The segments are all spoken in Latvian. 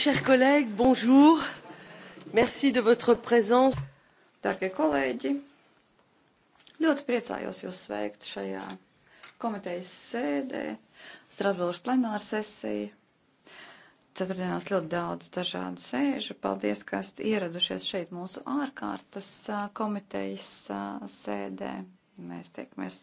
Chers collègues, bonjour. Merci de votre présence. Darbie kolēģi, ļoti priecājos jūs sveikt šajā komitejas sēdē, Strasbūras plenāra sesija. Ceturtdienās ļoti daudz dažādu sēžu. Paldies, ka esat ieradušies šeit mūsu ārkārtas komitejas sēdē. Mēs tiekamies. Mēs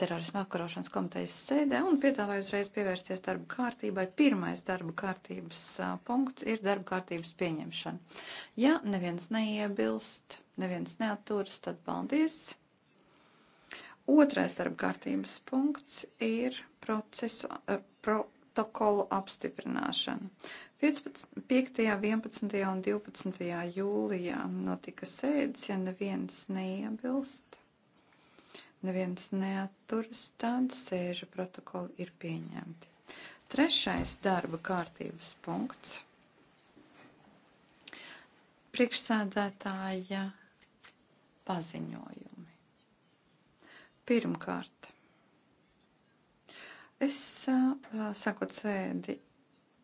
terorismu apkarošanas komitejas sēdē un piedāvāju uzreiz pievērsties darba kārtībai. Pirmais darba kārtības punkts ir darba kārtības pieņemšana. Ja neviens neiebilst, neviens neaturas, tad paldies. Otrais darba kārtības punkts ir procesu, protokolu apstiprināšana. 15, 5., 11. un 12. jūlijā notika sēdes, ja neviens neiebilst neviens neaturas, tad sēžu protokoli ir pieņemti. Trešais darba kārtības punkts. Priekšsēdētāja paziņojumi. Pirmkārt, es sakot sēdi,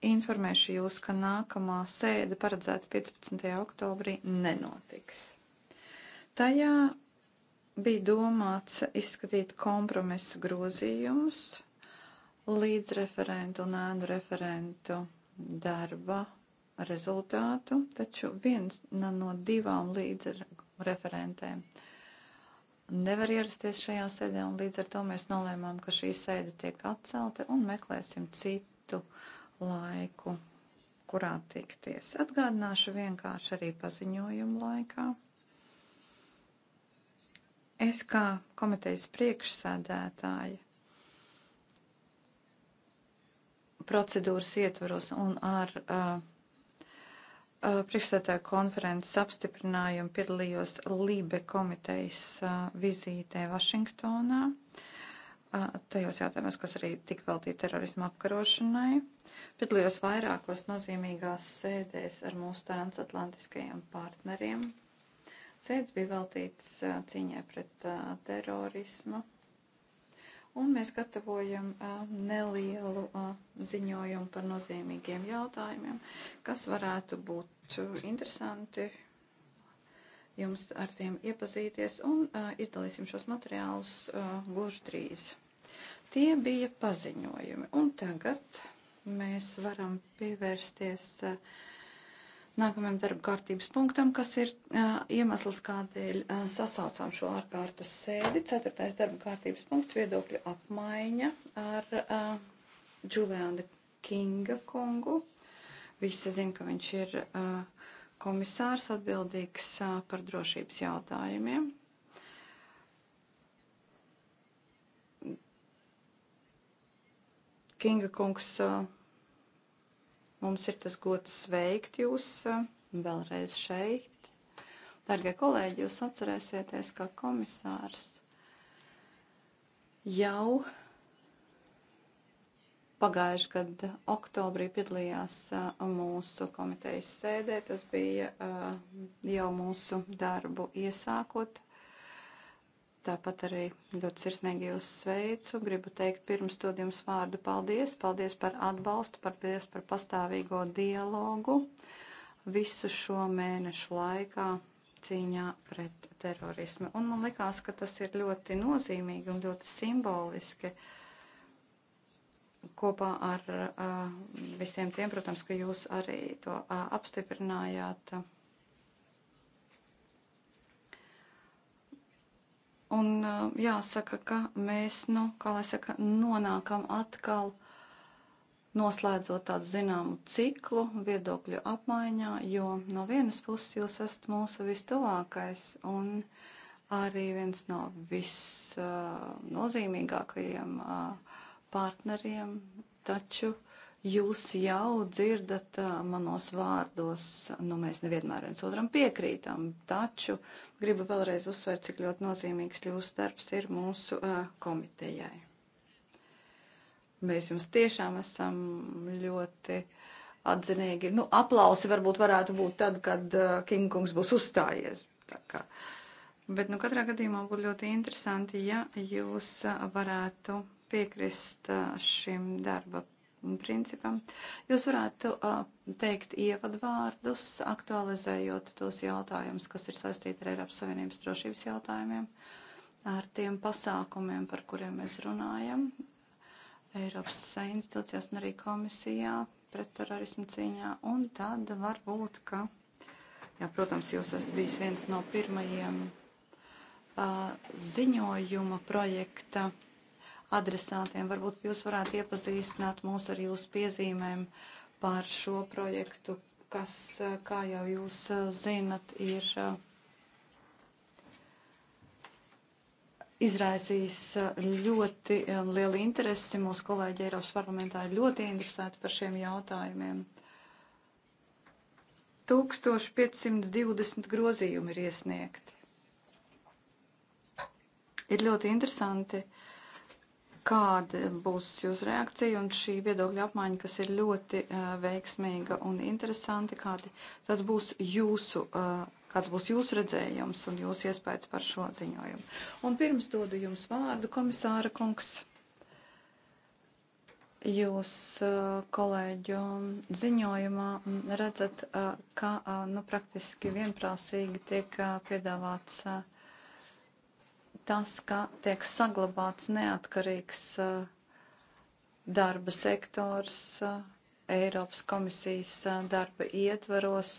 informēšu jūs, ka nākamā sēde paredzēta 15. oktobrī nenotiks. Tajā bija domāts izskatīt kompromisu grozījumus līdz referentu un ēnu referentu darba rezultātu, taču viens no divām līdz referentēm nevar ierasties šajā sēdē, un līdz ar to mēs nolēmām, ka šī sēde tiek atcelta un meklēsim citu laiku, kurā tikties. Atgādināšu vienkārši arī paziņojumu laikā. Es kā komitejas priekšsēdētāja procedūras ietvaros un ar uh, uh priekšstādāju konferences apstiprinājumu piedalījos Lībe komitejas uh, vizītē Vašingtonā. Uh, tajos jautājumos, kas arī tika veltīti terorismu apkarošanai, piedalījos vairākos nozīmīgās sēdēs ar mūsu transatlantiskajiem partneriem, sēdz bija veltīts cīņai pret terorismu. Un mēs gatavojam nelielu ziņojumu par nozīmīgiem jautājumiem, kas varētu būt interesanti jums ar tiem iepazīties un izdalīsim šos materiālus gluži drīz. Tie bija paziņojumi. Un tagad mēs varam pievērsties uh, nākamajam darba kārtības punktam, kas ir uh, iemesls, kādēļ uh, sasaucām šo ārkārtas sēdi. Ceturtais darba kārtības punkts - viedokļu apmaiņa ar uh, Džuliānu Kinga kungu. Visi zin, ka viņš ir uh, komisārs atbildīgs uh, par drošības jautājumiem. Kinga kungs. Uh, Mums ir tas gods sveikt jūs eh, vēlreiz šeit. Dargie kolēģi, jūs atcerēsieties, ka komisārs jau pagājuši gadu oktobrī piedalījās eh, mūsu komitejas sēdē. Tas bija eh, jau mūsu darbu iesākot. Tāpat arī ļoti sirsnīgi jūs sveicu. Gribu teikt pirms studijums vārdu paldies. Paldies par atbalstu, paldies par pastāvīgo dialogu visu šo mēnešu laikā cīņā pret terorismu. Un man likās, ka tas ir ļoti nozīmīgi un ļoti simboliski kopā ar uh, visiem tiem, protams, ka jūs arī to uh, apstiprinājāt. Uh, Un jāsaka, ka mēs, nu, kā lai saka, nonākam atkal noslēdzot tādu zināmu ciklu viedokļu apmaiņā, jo no vienas puses jūs esat mūsu vistuvākais un arī viens no visnozīmīgākajiem uh, partneriem, taču uh, Jūs jau dzirdat manos vārdos, nu mēs nevienmēr viens otram piekrītam, taču gribu vēlreiz uzsvērt, cik ļoti nozīmīgs jūsu darbs ir mūsu uh, komitejai. Mēs jums tiešām esam ļoti atzinīgi. Nu, aplausi varbūt varētu būt tad, kad uh, Kingungs būs uzstājies. Bet, nu, katrā gadījumā būtu ļoti interesanti, ja jūs varētu piekrist šim darba principam. Jūs varētu uh, teikt ievadvārdus, aktualizējot tos jautājumus, kas ir saistīti ar Eiropas Savienības drošības jautājumiem, ar tiem pasākumiem, par kuriem mēs runājam Eiropas institūcijās un arī komisijā pretterorismu cīņā. Un tad var būt, ka, jā, protams, jūs esat bijis viens no pirmajiem uh, ziņojuma projekta adresātiem. Varbūt jūs varētu iepazīstināt mūs ar jūsu piezīmēm par šo projektu, kas, eh, kā jau jūs eh, zinat, ir eh, izraisījis ļoti lielu interesi. Mūsu kolēģi Eiropas parlamentā ir ļoti interesēti par šiem jautājumiem. 1520 grozījumi ir iesniegti. Ir ļoti interesanti uh, Kāda būs jūsu reakcija un šī viedokļa apmaiņa, kas ir ļoti uh, veiksmīga un interesanti, kādi tad būs jūsu, uh, kāds būs jūsu redzējums un jūsu iespējas par šo ziņojumu? Un pirms dodu jums vārdu, komisāra kungs, jūs uh, kolēģu ziņojumā mm, redzat, uh, ka uh, nu, praktiski vienprāsīgi tiek uh, piedāvāts. Uh, tas, ka tiek saglabāts neatkarīgs eh, darba sektors eh, Eiropas komisijas eh, darba ietvaros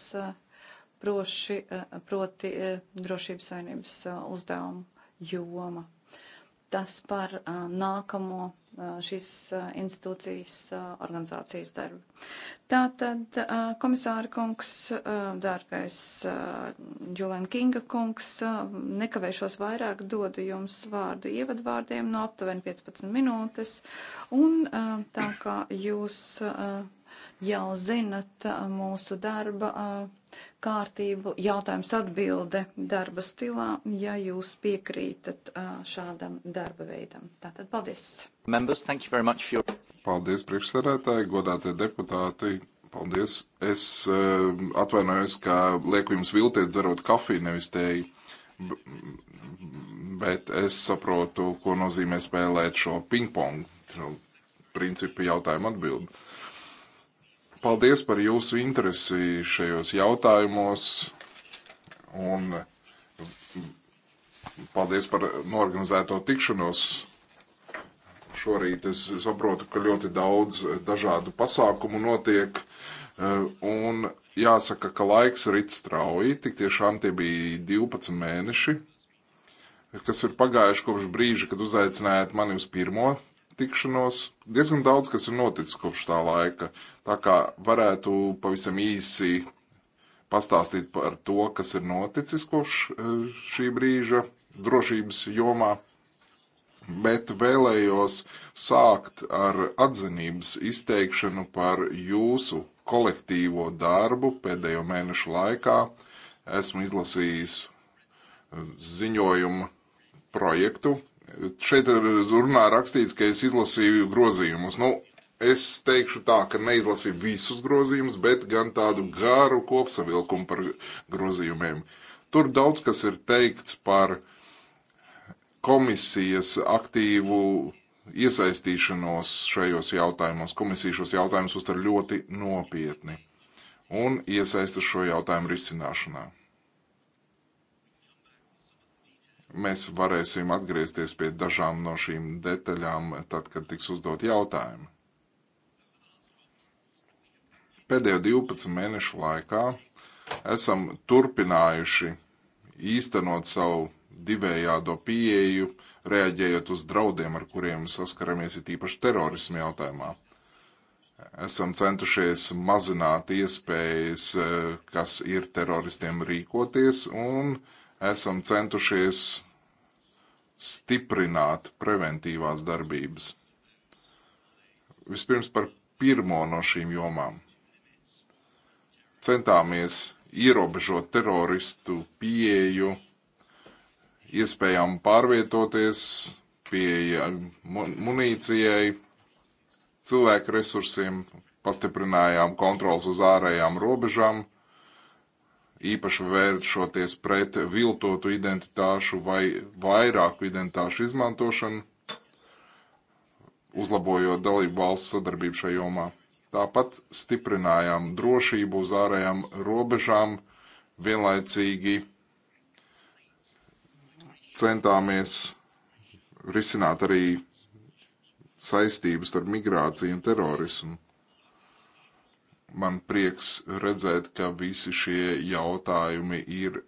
proši, proti drošības saimnības uzdevumu joma tas par uh, nākamo uh, šīs uh, institūcijas uh, organizācijas darbu. Tātad uh, komisāra kungs, uh, dārgais uh, Julien Kinga kungs, uh, nekavēšos vairāk dodu jums vārdu ievadvārdiem no aptuveni 15 minūtes, un uh, tā kā jūs uh, jau zinat uh, mūsu darba. Uh, kārtību. Jautājums atbilde darba stilā, ja jūs piekrītat šādam darba veidam. Tātad paldies. Members, thank you very much for your... Paldies priekšsarētāji, godātie deputāti. Paldies. Es uh, atvainojos, ka lieku jums vilties dzerot kafiju, nevis tēju bet es saprotu, ko nozīmē spēlēt šo ping-pong, šo principu jautājumu atbildi. Paldies par jūsu interesi šajos jautājumos un paldies par norganizēto tikšanos. Šorīt es saprotu, ka ļoti daudz dažādu pasākumu notiek eh, un jāsaka, ka laiks rit strauji. Tik tiešām tie bija 12 mēneši, kas ir pagājuši kopš brīža, kad uzaicinājāt mani uz pirmo tikšanos. Diezgan daudz, kas ir noticis kopš tā laika. Tā kā varētu pavisam īsi pastāstīt par to, kas ir noticis kopš e, šī brīža drošības jomā. Bet vēlējos sākt ar atzinības izteikšanu par jūsu kolektīvo darbu pēdējo mēnešu laikā. Esmu izlasījis e, ziņojumu projektu Šeit ir runā rakstīts, ka es izlasīju grozījumus. Nu, es teikšu tā, ka neizlasīju visus grozījumus, bet gan tādu garu kopsavilkumu par grozījumiem. Tur daudz kas ir teikts par komisijas aktīvu iesaistīšanos šajos jautājumos. Komisija šos jautājumus uztver ļoti nopietni un iesaistas šo jautājumu risināšanā. Mēs varēsim atgriezties pie dažām no šīm detaļām, tad, kad tiks uzdot jautājumi. Pēdējo 12 mēnešu laikā esam turpinājuši īstenot savu divējādo pieeju, reaģējot uz draudiem, ar kuriem saskaramies, ir īpaši terorismu jautājumā. Esam centušies mazināt iespējas, eh, kas ir teroristiem rīkoties, un uh, esam centušies stiprināt preventīvās darbības. Vispirms par pirmo no šīm jomām. Centāmies ierobežot teroristu pieeju, iespējām pārvietoties, pieeja munīcijai, cilvēku resursiem, pastiprinājām kontrols uz ārējām robežām īpaši vēršoties pret viltotu identitāšu vai vairāku identitāšu izmantošanu, uzlabojot dalību valsts sadarbību šajā jomā. Tāpat stiprinājām drošību uz ārējām robežām, vienlaicīgi centāmies risināt arī saistības starp migrāciju un terorismu man prieks redzēt, ka visi šie jautājumi ir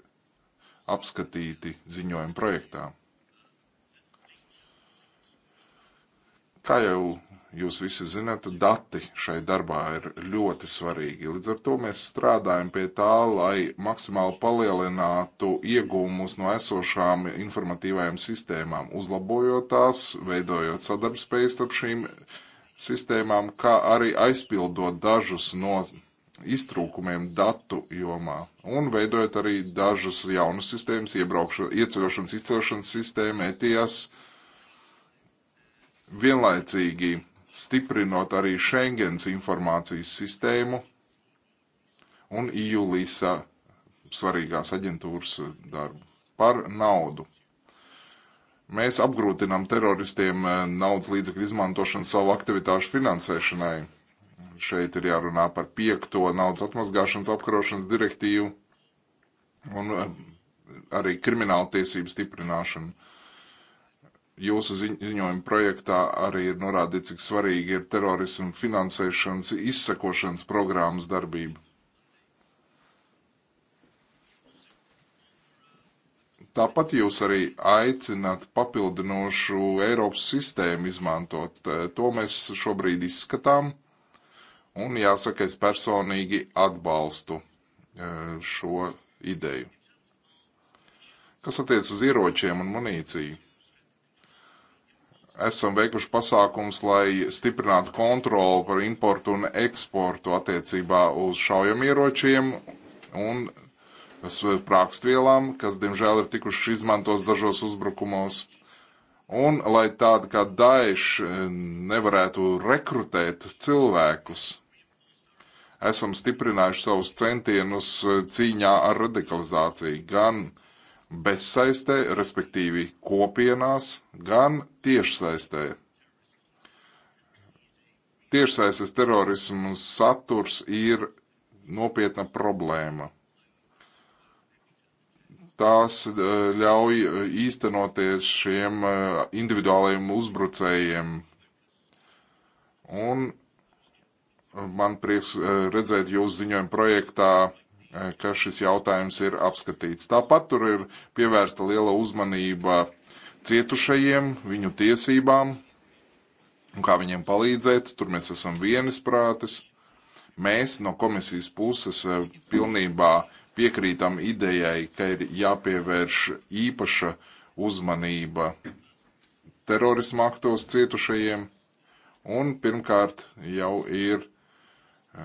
apskatīti ziņojuma projektā. Kā jau jūs visi zināt, dati šai darbā ir ļoti svarīgi. Līdz ar to mēs strādājam pie tā, lai maksimāli palielinātu iegūmus no esošām informatīvajām sistēmām, uzlabojot tās, veidojot sadarbspēju starp šīm sistēmām sistēmām, kā arī aizpildot dažus no iztrūkumiem datu jomā un veidojot arī dažas jaunas sistēmas, ieceļošanas, izcelšanas sistēma, ETIAS, vienlaicīgi stiprinot arī Schengens informācijas sistēmu un EU-LISA svarīgās aģentūras darbu par naudu. Mēs apgrūtinām teroristiem eh, naudas līdzekļu izmantošanu savu aktivitāšu finansēšanai. Šeit ir jārunā par piekto naudas atmazgāšanas apkarošanas direktīvu un eh, arī kriminālu tiesību stiprināšanu. Jūsu ziņojuma projektā arī ir norādīts, cik svarīgi ir terorismu finansēšanas izsakošanas programmas darbība. Tāpat jūs arī aicināt papildinošu Eiropas sistēmu izmantot. Eh, to mēs šobrīd izskatām, un jāsaka, es personīgi atbalstu eh, šo ideju. Kas attiec uz ieročiem un munīciju? Esam veikuši pasākums, lai stiprinātu kontroli par importu un eksportu attiecībā uz šaujamieročiem un sprākstvielām, kas, diemžēl, ir tikušas izmantos dažos uzbrukumos. Un lai tāda kā daiši eh, nevarētu rekrutēt cilvēkus, esam stiprinājuši savus centienus eh, cīņā ar radikalizāciju gan bezsaistē, respektīvi kopienās, gan tiešsaistē tiešsaistes terorismu saturs ir nopietna problēma tās eh, ļauj eh, īstenoties šiem eh, individuālajiem uzbrucējiem. Un man prieks redzēt jūsu ziņojumu projektā, ka šis jautājums ir apskatīts. Tāpat tur ir pievērsta liela uzmanība cietušajiem, viņu tiesībām un kā viņiem palīdzēt. Tur mēs esam vienisprātis. Mēs no komisijas puses pilnībā uh, piekrītam idejai, ka ir jāpievērš īpaša uzmanība terorisma aktos cietušajiem, un pirmkārt jau ir eh,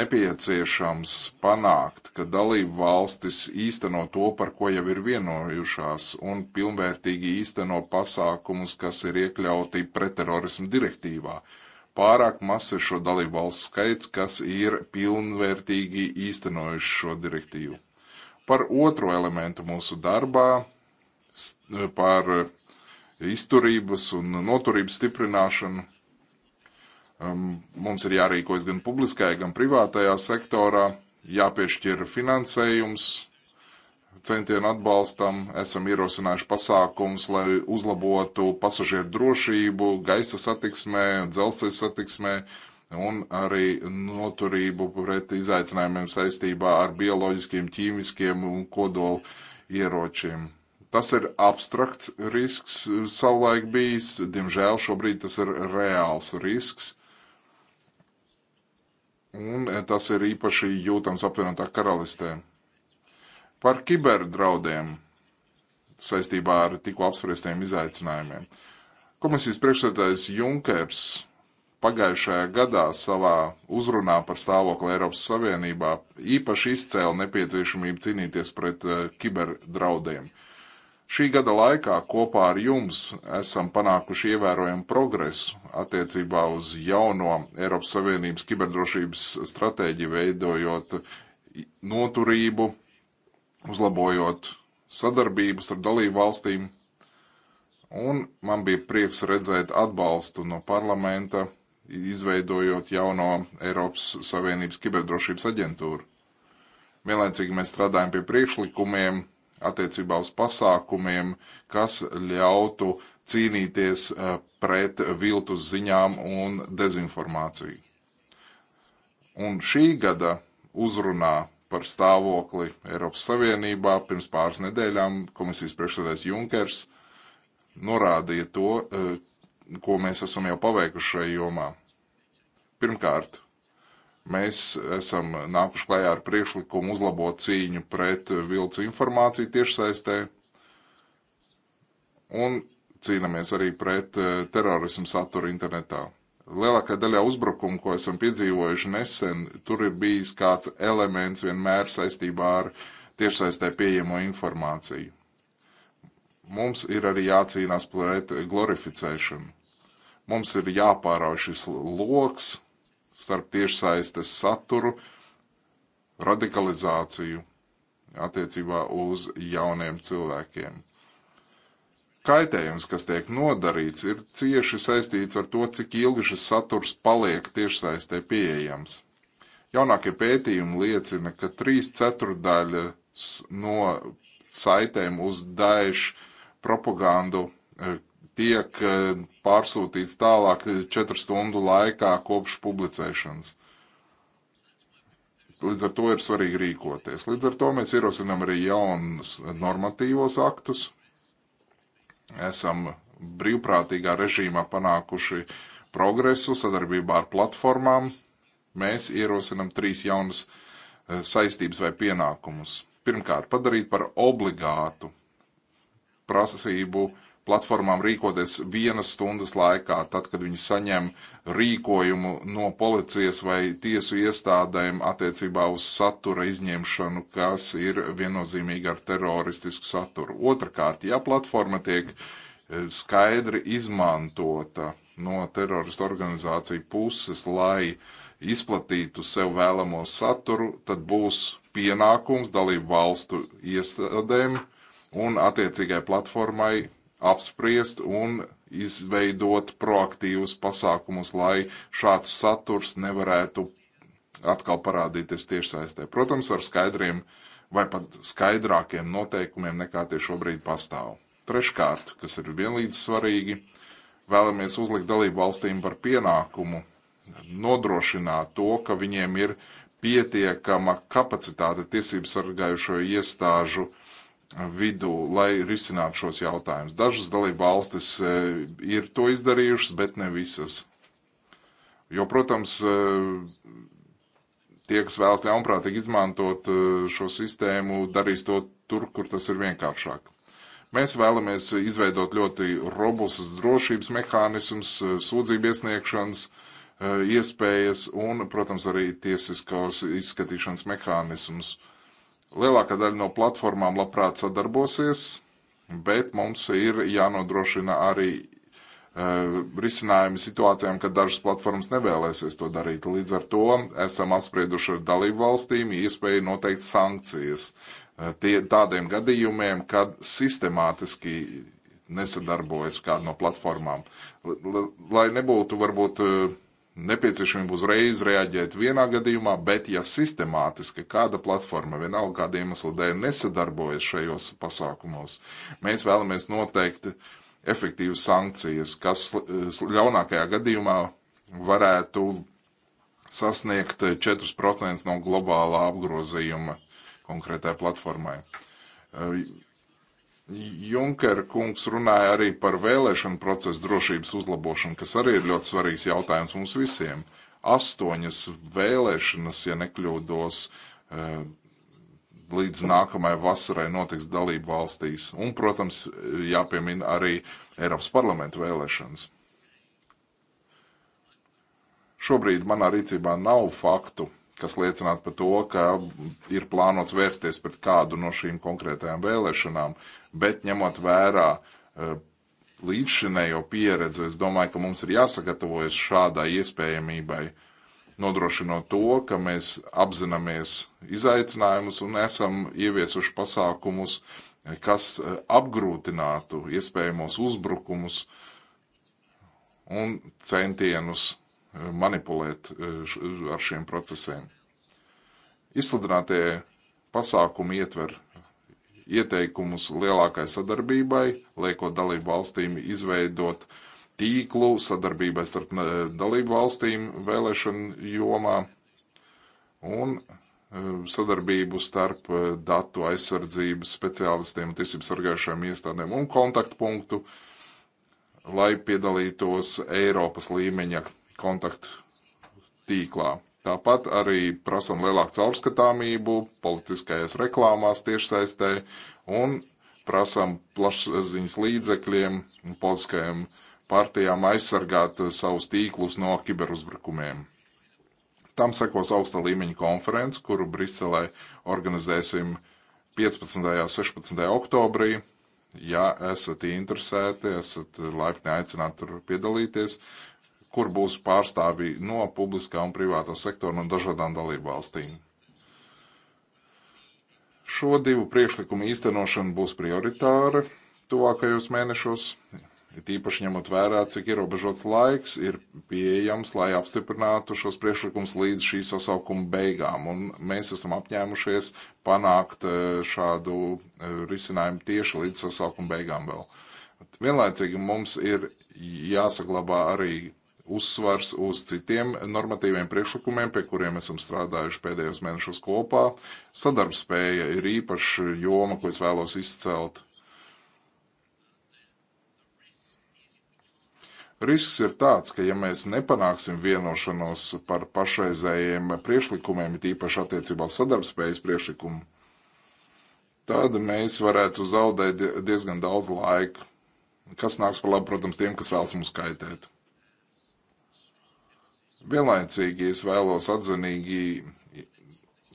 nepieciešams panākt, ka dalību valstis īsteno to, par ko jau ir vienojušās, un pilnvērtīgi īsteno pasākumus, kas ir iekļauti pretterorismu direktīvā. Pārāk mazs ir šo dalību valsts skaits, kas ir pilnvērtīgi īstenojuši šo direktīvu. Par otro elementu mūsu darbā, par izturības un noturības stiprināšanu, um, mums ir jārīkojas gan publiskajā, gan privātajā sektorā, jāpiešķir finansējums centienu atbalstam esam ierosinājuši pasākums, lai uzlabotu pasažieru drošību gaisa satiksmē, dzelzceļa satiksmē un arī noturību pret izaicinājumiem saistībā ar bioloģiskiem, ķīmiskiem un kodolu ieročiem. Tas ir abstrakts risks savulaik bijis, diemžēl šobrīd tas ir reāls risks. Un tas ir īpaši jūtams apvienotā karalistē. Par kiberdraudiem saistībā ar tikko apspriestiem izaicinājumiem. Komisijas priekšsēdētājs Junkers pagājušajā gadā savā uzrunā par stāvokli Eiropas Savienībā īpaši izcēla nepieciešamību cīnīties pret uh, kiberdraudiem. Šī gada laikā kopā ar jums esam panākuši ievērojumu progresu attiecībā uz jauno Eiropas Savienības kiberdrošības stratēģiju, veidojot noturību, uzlabojot sadarbību starp dalību valstīm. Un man bija prieks redzēt atbalstu no parlamenta, izveidojot jauno Eiropas Savienības kiberdrošības aģentūru. Vienlaicīgi mēs strādājam pie priekšlikumiem attiecībā uz pasākumiem, kas ļautu cīnīties eh, pret viltus ziņām un dezinformāciju. Un šī gada uzrunā par stāvokli Eiropas Savienībā pirms pāris nedēļām komisijas priekšsēdājs Junkers norādīja to, eh, ko mēs esam jau paveikuši šajā jomā. Pirmkārt, mēs esam nākuši klajā ar priekšlikumu uzlabot cīņu pret vilcu informāciju tiešsaistē un cīnāmies arī pret eh, terorismu saturu internetā lielākā daļā uzbrukumu, ko esam piedzīvojuši nesen, tur ir bijis kāds elements vienmēr saistībā ar tiešsaistē pieejamo informāciju. Mums ir arī jācīnās pret glorificēšanu. Mums ir jāpārauj šis loks starp tiešsaistes saturu, radikalizāciju attiecībā uz jauniem cilvēkiem kaitējums, kas tiek nodarīts, ir cieši saistīts ar to, cik ilgi šis saturs paliek tiešsaistē pieejams. Jaunākie pētījumi liecina, ka 3 ceturdaļas no saitēm uz Daesh propagandu eh, tiek eh, pārsūtīts tālāk 4 stundu laikā kopš publicēšanas. Līdz ar to ir svarīgi rīkoties. Līdz ar to mēs ierosinām arī jaunus normatīvos aktus, esam brīvprātīgā režīmā panākuši progresu sadarbībā ar platformām. Mēs ierosinam trīs jaunas e, saistības vai pienākumus. Pirmkārt, padarīt par obligātu prasību uh, platformām rīkoties vienas stundas laikā, tad, kad viņi saņem rīkojumu no policijas vai tiesu iestādēm attiecībā uz satura izņemšanu, kas ir viennozīmīgi ar teroristisku saturu. Otrakārt, ja platforma tiek eh, skaidri izmantota no teroristu organizāciju puses, lai izplatītu sev vēlamo saturu, tad būs pienākums dalību valstu iestādēm un attiecīgai platformai apspriest un izveidot proaktīvus pasākumus, lai šāds saturs nevarētu atkal parādīties tiešsaistē. Protams, ar skaidriem vai pat skaidrākiem noteikumiem nekā tie šobrīd pastāv. Treškārt, kas ir vienlīdz svarīgi, vēlamies uzlikt dalību valstīm par pienākumu nodrošināt to, ka viņiem ir pietiekama kapacitāte tiesību sargājušo iestāžu Eh, vidū, lai risinātu šos jautājumus. Dažas dalība valstis eh, ir to izdarījušas, bet ne visas. Jo, protams, eh, tie, kas vēlas ļaunprātīgi izmantot šo sistēmu, darīs to tur, kur tas ir vienkāršāk. Mēs vēlamies izveidot ļoti robustus drošības mehānismus, sūdzību iesniegšanas iespējas un, protams, arī tiesiskos izskatīšanas mehānismus Lielākā daļa no platformām labprāt sadarbosies, bet mums ir jānodrošina arī uh, risinājumi situācijām, kad dažas platformas nevēlēsies to darīt. Līdz ar to esam apsprieduši ar dalību valstīm iespēju noteikt sankcijas uh, tie, tādiem gadījumiem, kad sistemātiski nesadarbojas kāda no platformām. L lai nebūtu varbūt uh, nepieciešamību uzreiz reaģēt vienā gadījumā, bet ja sistemātiski kāda platforma vienalga kāda iemesla dēļ nesadarbojas šajos pasākumos, mēs vēlamies noteikt efektīvas sankcijas, kas eh, ļaunākajā gadījumā varētu sasniegt 4% no globālā apgrozījuma konkrētai platformai. Eh, Junker kungs runāja arī par vēlēšanu procesu drošības uzlabošanu, kas arī ir ļoti svarīgs jautājums mums visiem. Astoņas vēlēšanas, ja nekļūdos, eh, līdz nākamajai vasarai notiks dalību valstīs. Un, protams, jāpiemina arī Eiropas parlamentu vēlēšanas. Šobrīd manā rīcībā nav faktu kas liecinātu par to, ka ir plānots vērsties pret kādu no šīm konkrētajām vēlēšanām, bet ņemot vērā e, līdzšinējo pieredzi, es domāju, ka mums ir jāsagatavojas šādai iespējamībai, nodrošinot to, ka mēs apzināmies izaicinājumus un esam ieviesuši pasākumus, e, kas e, apgrūtinātu iespējamos uzbrukumus un centienus manipulēt eh, ar šiem procesiem. Izsludinātie pasākumi ietver ieteikumus lielākai sadarbībai, liekot dalību valstīm izveidot tīklu sadarbībai starp eh, dalību valstīm vēlēšanu jomā un eh, sadarbību starp datu aizsardzības speciālistiem un tiesību sargājušajām iestādēm un kontaktpunktu, lai piedalītos Eiropas līmeņa kontaktu tīklā. Tāpat arī prasam lielāku caurskatāmību politiskajās reklāmās tiešsaistē un prasam plašsaziņas līdzekļiem un politiskajiem partijām aizsargāt eh, savus tīklus no kiberuzbrukumiem. Tam sekos augsta līmeņa konference, kuru Briselē organizēsim 15. un 16. oktobrī. Ja esat interesēti, esat laipni aicināti tur piedalīties kur būs pārstāvji no publiskā un privātā sektora no dažādām dalībvalstīm. Šo divu priekšlikumu īstenošana būs prioritāra tuvākajos mēnešos, it īpaši ņemot vērā, cik ierobežots laiks ir pieejams, lai apstiprinātu šos priekšlikumus līdz šī sasaukuma beigām. Un mēs esam apņēmušies panākt e, šādu e, risinājumu tieši līdz sasaukuma beigām vēl. Vienlaicīgi mums ir jāsaglabā arī uzsvars uz citiem normatīviem priekšlikumiem, pie kuriem esam strādājuši pēdējos mēnešus kopā. Sadarbspēja ir īpaša joma, ko es vēlos izcelt. Risks ir tāds, ka ja mēs nepanāksim vienošanos par pašreizējiem priekšlikumiem, it īpaši attiecībā uz sadarbspējas priekšlikumu, tad mēs varētu zaudēt diezgan daudz laika, kas nāks par labu, protams, tiem, kas vēlas mums kaitēt. Vienlaicīgi es vēlos atzinīgi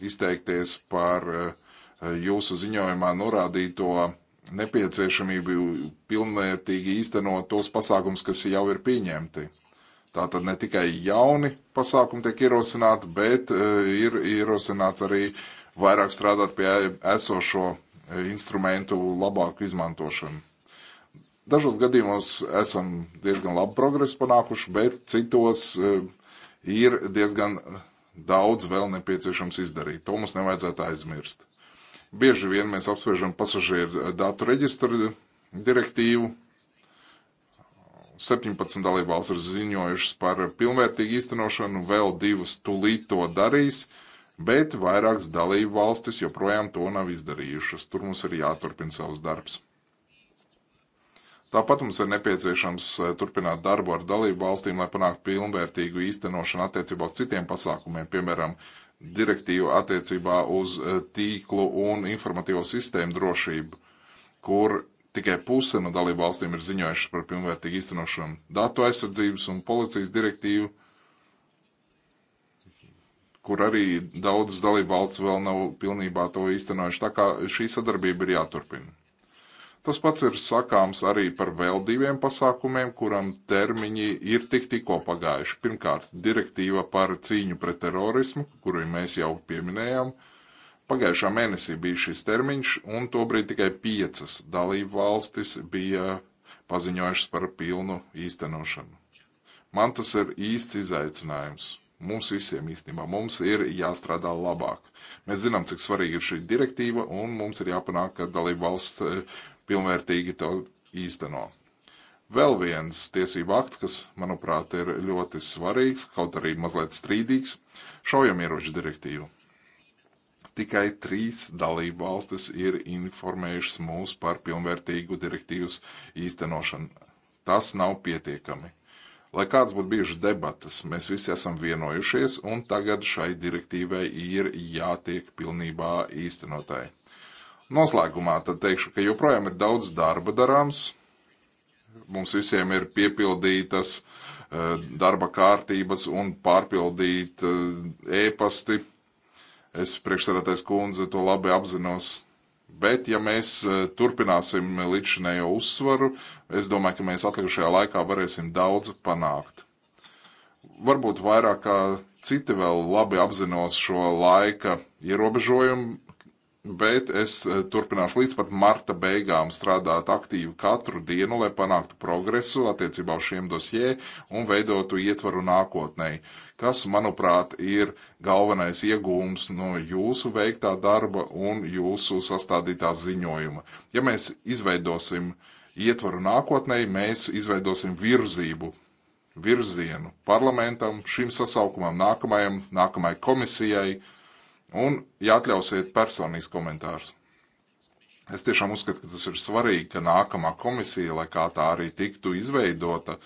izteikties par eh, jūsu ziņojumā norādīto nepieciešamību pilnvērtīgi īstenot tos pasākums, kas jau ir pieņemti. Tātad ne tikai jauni pasākumi tiek ierosināti, bet eh, ir ierosināts arī vairāk strādāt pie esošo eh, instrumentu labāku izmantošanu. Dažos gadījumos esam diezgan labu progresu panākuši, bet citos uh, ir diezgan daudz vēl nepieciešams izdarīt. To mums nevajadzētu aizmirst. Bieži vien mēs apspriežam pasažieru datu reģistru direktīvu. 17 dalībvalsts ir ziņojušas par pilnvērtīgu īstenošanu, vēl divas tulīt to darīs, bet vairākas dalībvalstis joprojām to nav izdarījušas. Tur mums ir jāturpina savs darbs. Tāpat mums ir nepieciešams eh, turpināt darbu ar dalību valstīm, lai panāktu pilnvērtīgu īstenošanu attiecībā uz citiem pasākumiem, piemēram, direktīvu attiecībā uz eh, tīklu un informatīvo sistēmu drošību, kur tikai puse no dalību valstīm ir ziņojušas par pilnvērtīgu īstenošanu. Datu aizsardzības un policijas direktīvu, kur arī daudzas dalību valsts vēl nav pilnībā to īstenojuši, tā kā šī sadarbība ir jāturpina. Tas pats ir sakāms arī par vēl diviem pasākumiem, kuram termiņi ir tik tikko pagājuši. Pirmkārt, direktīva par cīņu pret terorismu, kuru mēs jau pieminējām. Pagājušā mēnesī bija šis termiņš, un tobrīd tikai piecas dalību valstis bija paziņojušas par pilnu īstenošanu. Man tas ir īsts izaicinājums. Mums visiem īstenībā mums ir jāstrādā labāk. Mēs zinām, cik svarīga ir šī direktīva, un mums ir jāpanāk, ka dalību valsts pilnvērtīgi to īsteno. Vēl viens tiesību akts, kas, manuprāt, ir ļoti svarīgs, kaut arī mazliet strīdīgs - šaujamieroču direktīva. Tikai trīs dalību valstis ir informējušas mūs par pilnvērtīgu direktīvas īstenošanu. Tas nav pietiekami. Lai kāds būtu bijuši debatas, mēs visi esam vienojušies, un tagad šai direktīvai ir jātiek pilnībā īstenotai. Noslēgumā tad teikšu, ka joprojām ir daudz darba darāms. Mums visiem ir piepildītas e, darba kārtības un pārpildīt e, ēpasti. Es priekšsēdētais kundze to labi apzinos. Bet, ja mēs e, turpināsim līdzinējo uzsvaru, es domāju, ka mēs atlikušajā laikā varēsim daudz panākt. Varbūt vairāk kā citi vēl labi apzinos šo laika ierobežojumu, bet es eh, turpināšu līdz pat marta beigām strādāt aktīvi katru dienu, lai panāktu progresu attiecībā uz šiem dosjē un veidotu ietvaru nākotnē, kas, manuprāt, ir galvenais iegūms no jūsu veiktā darba un jūsu sastādītā ziņojuma. Ja mēs izveidosim ietvaru nākotnē, mēs izveidosim virzību virzienu parlamentam, šim sasaukumam, nākamajam, nākamajai komisijai, Un, ja atļausiet, personīgs komentārs. Es tiešām uzskatu, ka tas ir svarīgi, ka nākamā komisija, lai kā tā arī tiktu izveidota,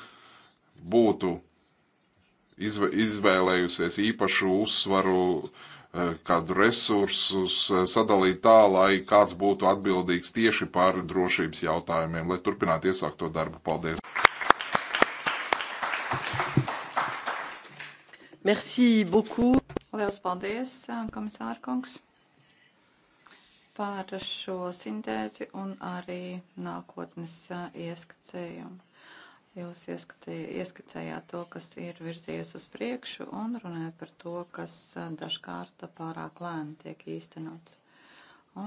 būtu izv izvēlējusies īpašu uzsvaru, e, kādu resursus e, sadalīt tā, lai kāds būtu atbildīgs tieši par drošības jautājumiem, lai turpinātu iesākt to darbu. Paldies! Merci beaucoup! Liels paldies, komisāra kungs, par šo sintēzi un arī nākotnes ieskacējumu. Jūs ieskicējāt to, kas ir virzies uz priekšu un runājat par to, kas dažkārt pārāk lēni tiek īstenots.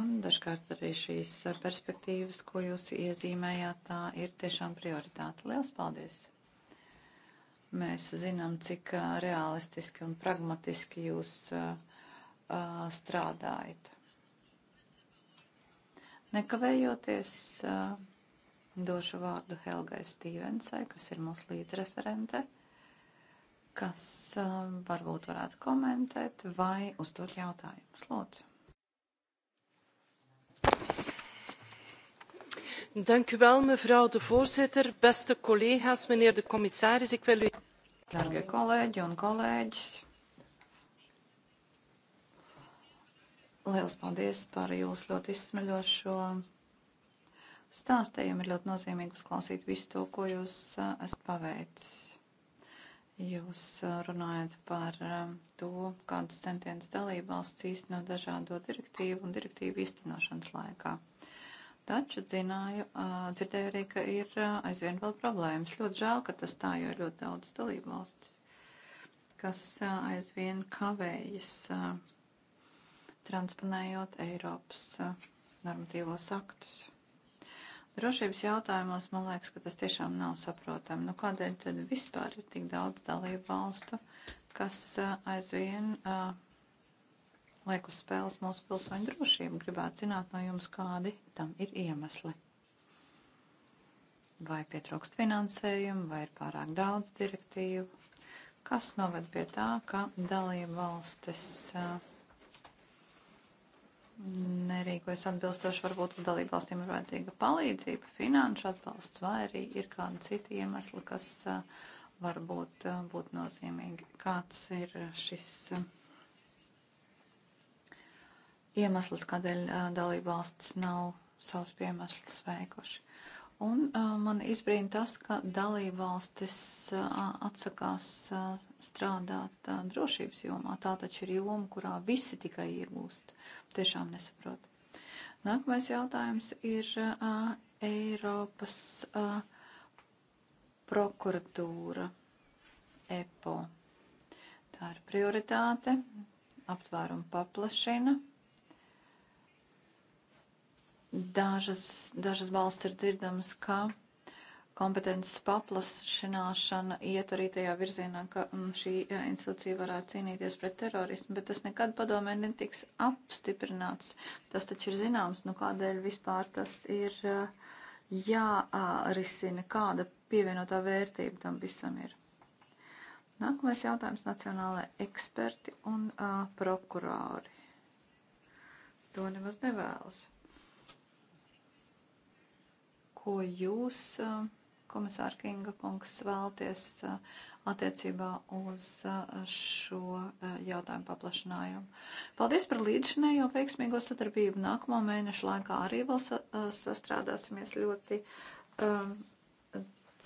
Un dažkārt arī šīs perspektīvas, ko jūs iezīmējāt, tā ir tiešām prioritāte. Liels paldies! Mēs zinām, cik realistiski un pragmatiski jūs strādājat. Nekavējoties došu vārdu Helgai Stīvensai, kas ir mūsu līdzreferente, kas varbūt varētu komentēt vai uzdot jautājumus. Lūdzu. Dank u wel, mevrouw de voorzitter. Beste collega's, meneer de commissaris, ik wil u Dargie kolēģi un kolēģis, liels paldies par jūsu ļoti izsmeļošo stāstījumu. Ir ļoti nozīmīgi uzklausīt visu to, ko jūs esat paveicis. Jūs runājat par to, kādas centienas dalībvalsts īstenot dažādo direktīvu un direktīvu īstenošanas laikā. Uh, Taču zināju, dzirdēju arī, ka ir aizvien vēl problēmas. Ļoti žēl, ka tas tā, jo ir ļoti daudz dalību valstis, kas aizvien kavējas transponējot Eiropas normatīvos aktus. Drošības jautājumos man liekas, ka tas tiešām nav saprotami. Nu, kādēļ tad vispār ir tik daudz dalību valstu, kas aizvien uh, liek uz spēles mūsu pilsoņu drošību. Gribētu zināt no jums, kādi tam ir iemesli. Vai pietrūkst finansējumu, vai ir pārāk daudz direktīvu, kas noved pie tā, ka dalība valstis nerīkojas atbilstoši, varbūt, ka dalība valstīm ir vajadzīga palīdzība, finanšu atbalsts, vai arī ir kādi citi iemesli, kas varbūt būtu nozīmīgi. Kāds ir šis? Uh, iemesls, kādēļ dalība valstis nav savus piemērslus veikuši. Un uh, man izbrīna tas, ka dalība valstis uh, atsakās uh, strādāt uh, drošības jomā. Tā taču ir joma, kurā visi tikai iegūst. Tiešām nesaprotu. Nākamais jautājums ir uh, Eiropas uh, prokuratūra EPO. Tā ir prioritāte, aptvērumu paplašina Dažas, dažas balsts ir dzirdamas, ka kompetences paplašināšana iet arī tajā virzienā, ka mm, šī e, institūcija varētu cīnīties pret terorismu, bet tas nekad padomē netiks apstiprināts. Tas taču ir zināms, nu kādēļ vispār tas ir e, jārisina, kāda pievienotā vērtība tam visam ir. Nākamais jautājums - nacionālai eksperti un uh, prokurori. To nemaz nevēlas ko jūs, komisāra Kinga kungs, vēlties attiecībā uz šo jautājumu paplašinājumu. Paldies par līdzinējo veiksmīgo sadarbību. Nākamo mēnešu laikā arī vēl sastrādāsimies ļoti um,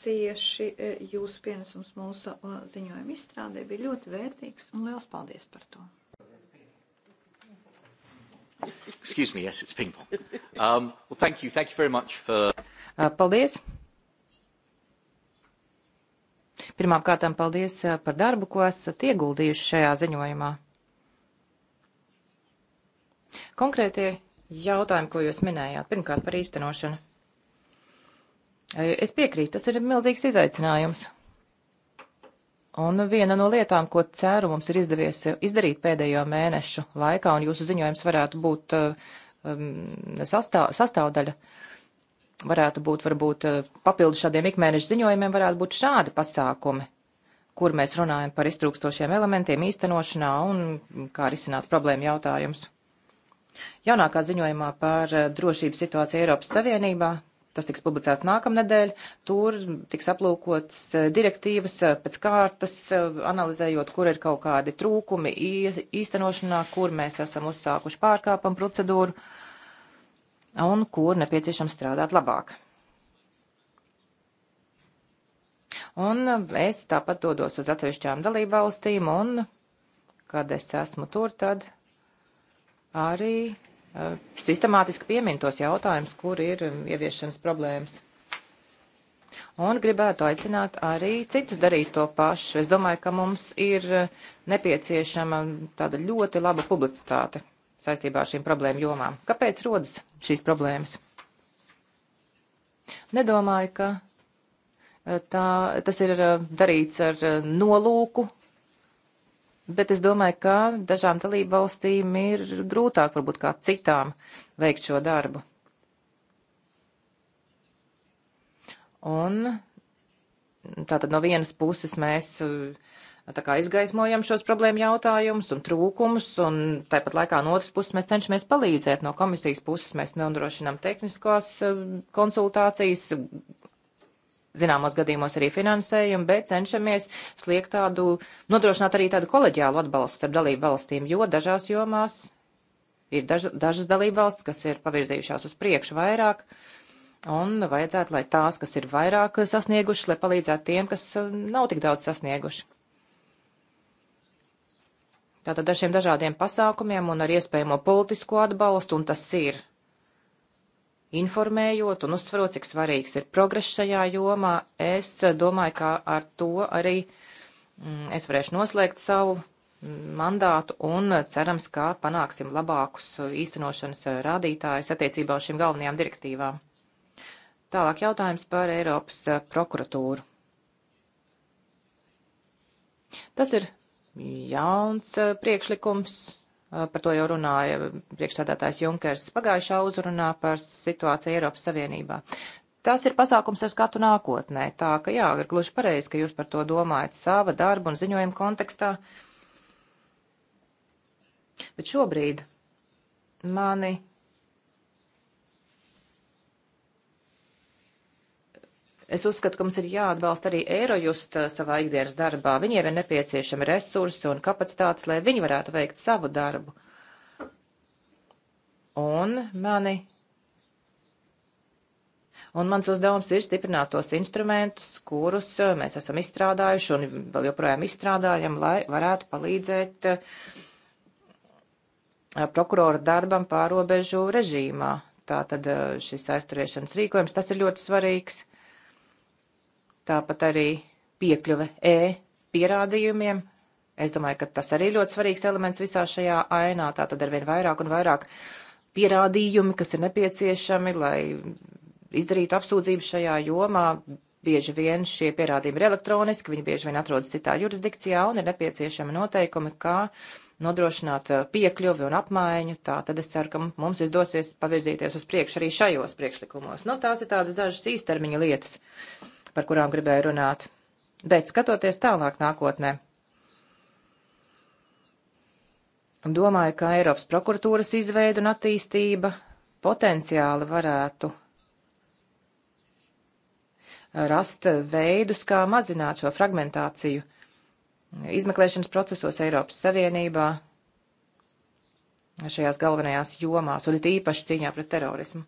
cieši. Jūsu pienesums mūsu ziņojuma izstrādē bija ļoti vērtīgs un liels paldies par to. Excuse me, yes, it's ping pong. Um, well, thank you. Thank you very much for. Uh, paldies! Pirmām kārtām paldies uh, par darbu, ko esat ieguldījuši šajā ziņojumā. Konkrētie jautājumi, ko jūs minējāt, pirmkārt par īstenošanu. Uh, es piekrītu, tas ir milzīgs izaicinājums. Un viena no lietām, ko ceru mums ir izdevies izdarīt pēdējo mēnešu laikā, un jūsu ziņojums varētu būt um, sastā, sastāvdaļa, uh, varētu būt varbūt eh, papildu šādiem ikmēneša ziņojumiem varētu būt šādi pasākumi, kur mēs runājam par iztrūkstošiem elementiem īstenošanā un kā risināt problēmu jautājumus. Jaunākā ziņojumā par eh, drošības situāciju Eiropas Savienībā, tas tiks publicēts nākamnedēļ, tur tiks aplūkots eh, direktīvas pēc kārtas, analizējot, kur ir kaut kādi trūkumi īstenošanā, kur mēs esam uzsākuši pārkāpumu procedūru. Uh, un kur nepieciešams strādāt labāk. Un es tāpat dodos uz atsevišķām dalībvalstīm, un, kad es esmu tur, tad arī uh, sistemātiski piemin tos jautājumus, kur ir um, ieviešanas problēmas. Un gribētu aicināt arī citus darīt to pašu. Es domāju, ka mums ir eh, nepieciešama tāda ļoti laba publicitāte saistībā ar šīm problēmu jomām. Kāpēc rodas šīs problēmas? Nedomāju, ka eh, tā, tas ir eh, darīts ar eh, nolūku, bet es domāju, ka dažām dalību valstīm ir grūtāk varbūt kā citām veikt šo darbu. Un tātad no vienas puses mēs uh, tā kā izgaismojam šos problēmu jautājumus un trūkumus, un tāpat laikā no otras puses mēs cenšamies palīdzēt. No komisijas puses mēs nodrošinām tehniskās eh, konsultācijas, zināmos gadījumos arī finansējumu, bet cenšamies sliegt tādu, nodrošināt arī tādu koleģiālu atbalstu starp dalību valstīm, jo dažās jomās ir daž, dažas dalību valsts, kas ir pavirzījušās uz priekšu vairāk. Un vajadzētu, lai tās, kas ir vairāk sasniegušas, lai palīdzētu tiem, kas eh, nav tik daudz sasnieguši. Tātad ar šiem dažādiem pasākumiem un ar iespējamo politisko atbalstu, un tas ir informējot un uzsverot, cik svarīgs ir progress šajā jomā, es domāju, ka ar to arī mm, es varēšu noslēgt savu mm, mandātu un cerams, ka panāksim labākus īstenošanas rādītājus attiecībā uz šīm galvenajām direktīvām. Tālāk jautājums par Eiropas prokuratūru. Tas ir jauns eh, priekšlikums. Eh, par to jau runāja priekšsādātājs Junkers pagājušā uzrunā par situāciju Eiropas Savienībā. Tas ir pasākums ar skatu nākotnē, tā ka jā, ir gluži pareizi, ka jūs par to domājat sava darba un ziņojuma kontekstā. Bet šobrīd mani Es uzskatu, ka mums ir jāatbalsta arī Eirojust uh, savā ikdienas darbā. Viņiem ir nepieciešami resursi un kapacitātes, lai viņi varētu veikt savu darbu. Un mani. Un mans uzdevums ir stiprināt tos instrumentus, kurus uh, mēs esam izstrādājuši un vēl joprojām izstrādājam, lai varētu palīdzēt uh, prokurora darbam pārobežu režīmā. Tātad šis aizturēšanas rīkojums, tas ir ļoti svarīgs tāpat arī piekļuve E pierādījumiem. Es domāju, ka tas arī ļoti svarīgs elements visā šajā ainā. Tātad arvien vairāk un vairāk pierādījumi, kas ir nepieciešami, lai izdarītu apsūdzību šajā jomā. Bieži vien šie pierādījumi ir elektroniski, viņi bieži vien atrodas citā jurisdikcijā un ir nepieciešami noteikumi, kā nodrošināt uh, piekļuvi un apmaiņu. Tā tad es ceru, ka mums izdosies pavirzīties uz priekšu arī šajos priekšlikumos. Nu, tās ir tādas dažas īstermiņa lietas par kurām gribēju runāt. Bet skatoties tālāk nākotnē, domāju, ka Eiropas prokuratūras izveida un attīstība potenciāli varētu rast veidus, kā mazināt šo fragmentāciju izmeklēšanas procesos Eiropas Savienībā šajās galvenajās jomās, un it īpaši cīņā pret terorismu.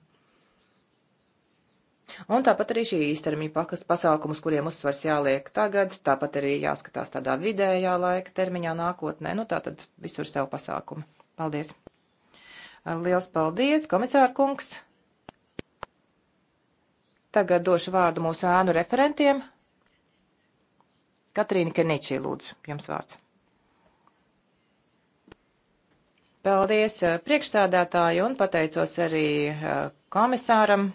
Un tāpat arī šī īstermiņa pasākumus, kuriem uzsvars jāliek tagad, tāpat arī jāskatās tādā vidējā laika termiņā nākotnē, nu tā tad visur sev pasākumi. Paldies! Liels paldies, komisāra kungs! Tagad došu vārdu mūsu ēnu referentiem. Katrīna Keničī, lūdzu, jums vārds. Paldies eh, priekšstādātāju un pateicos arī eh, komisāram.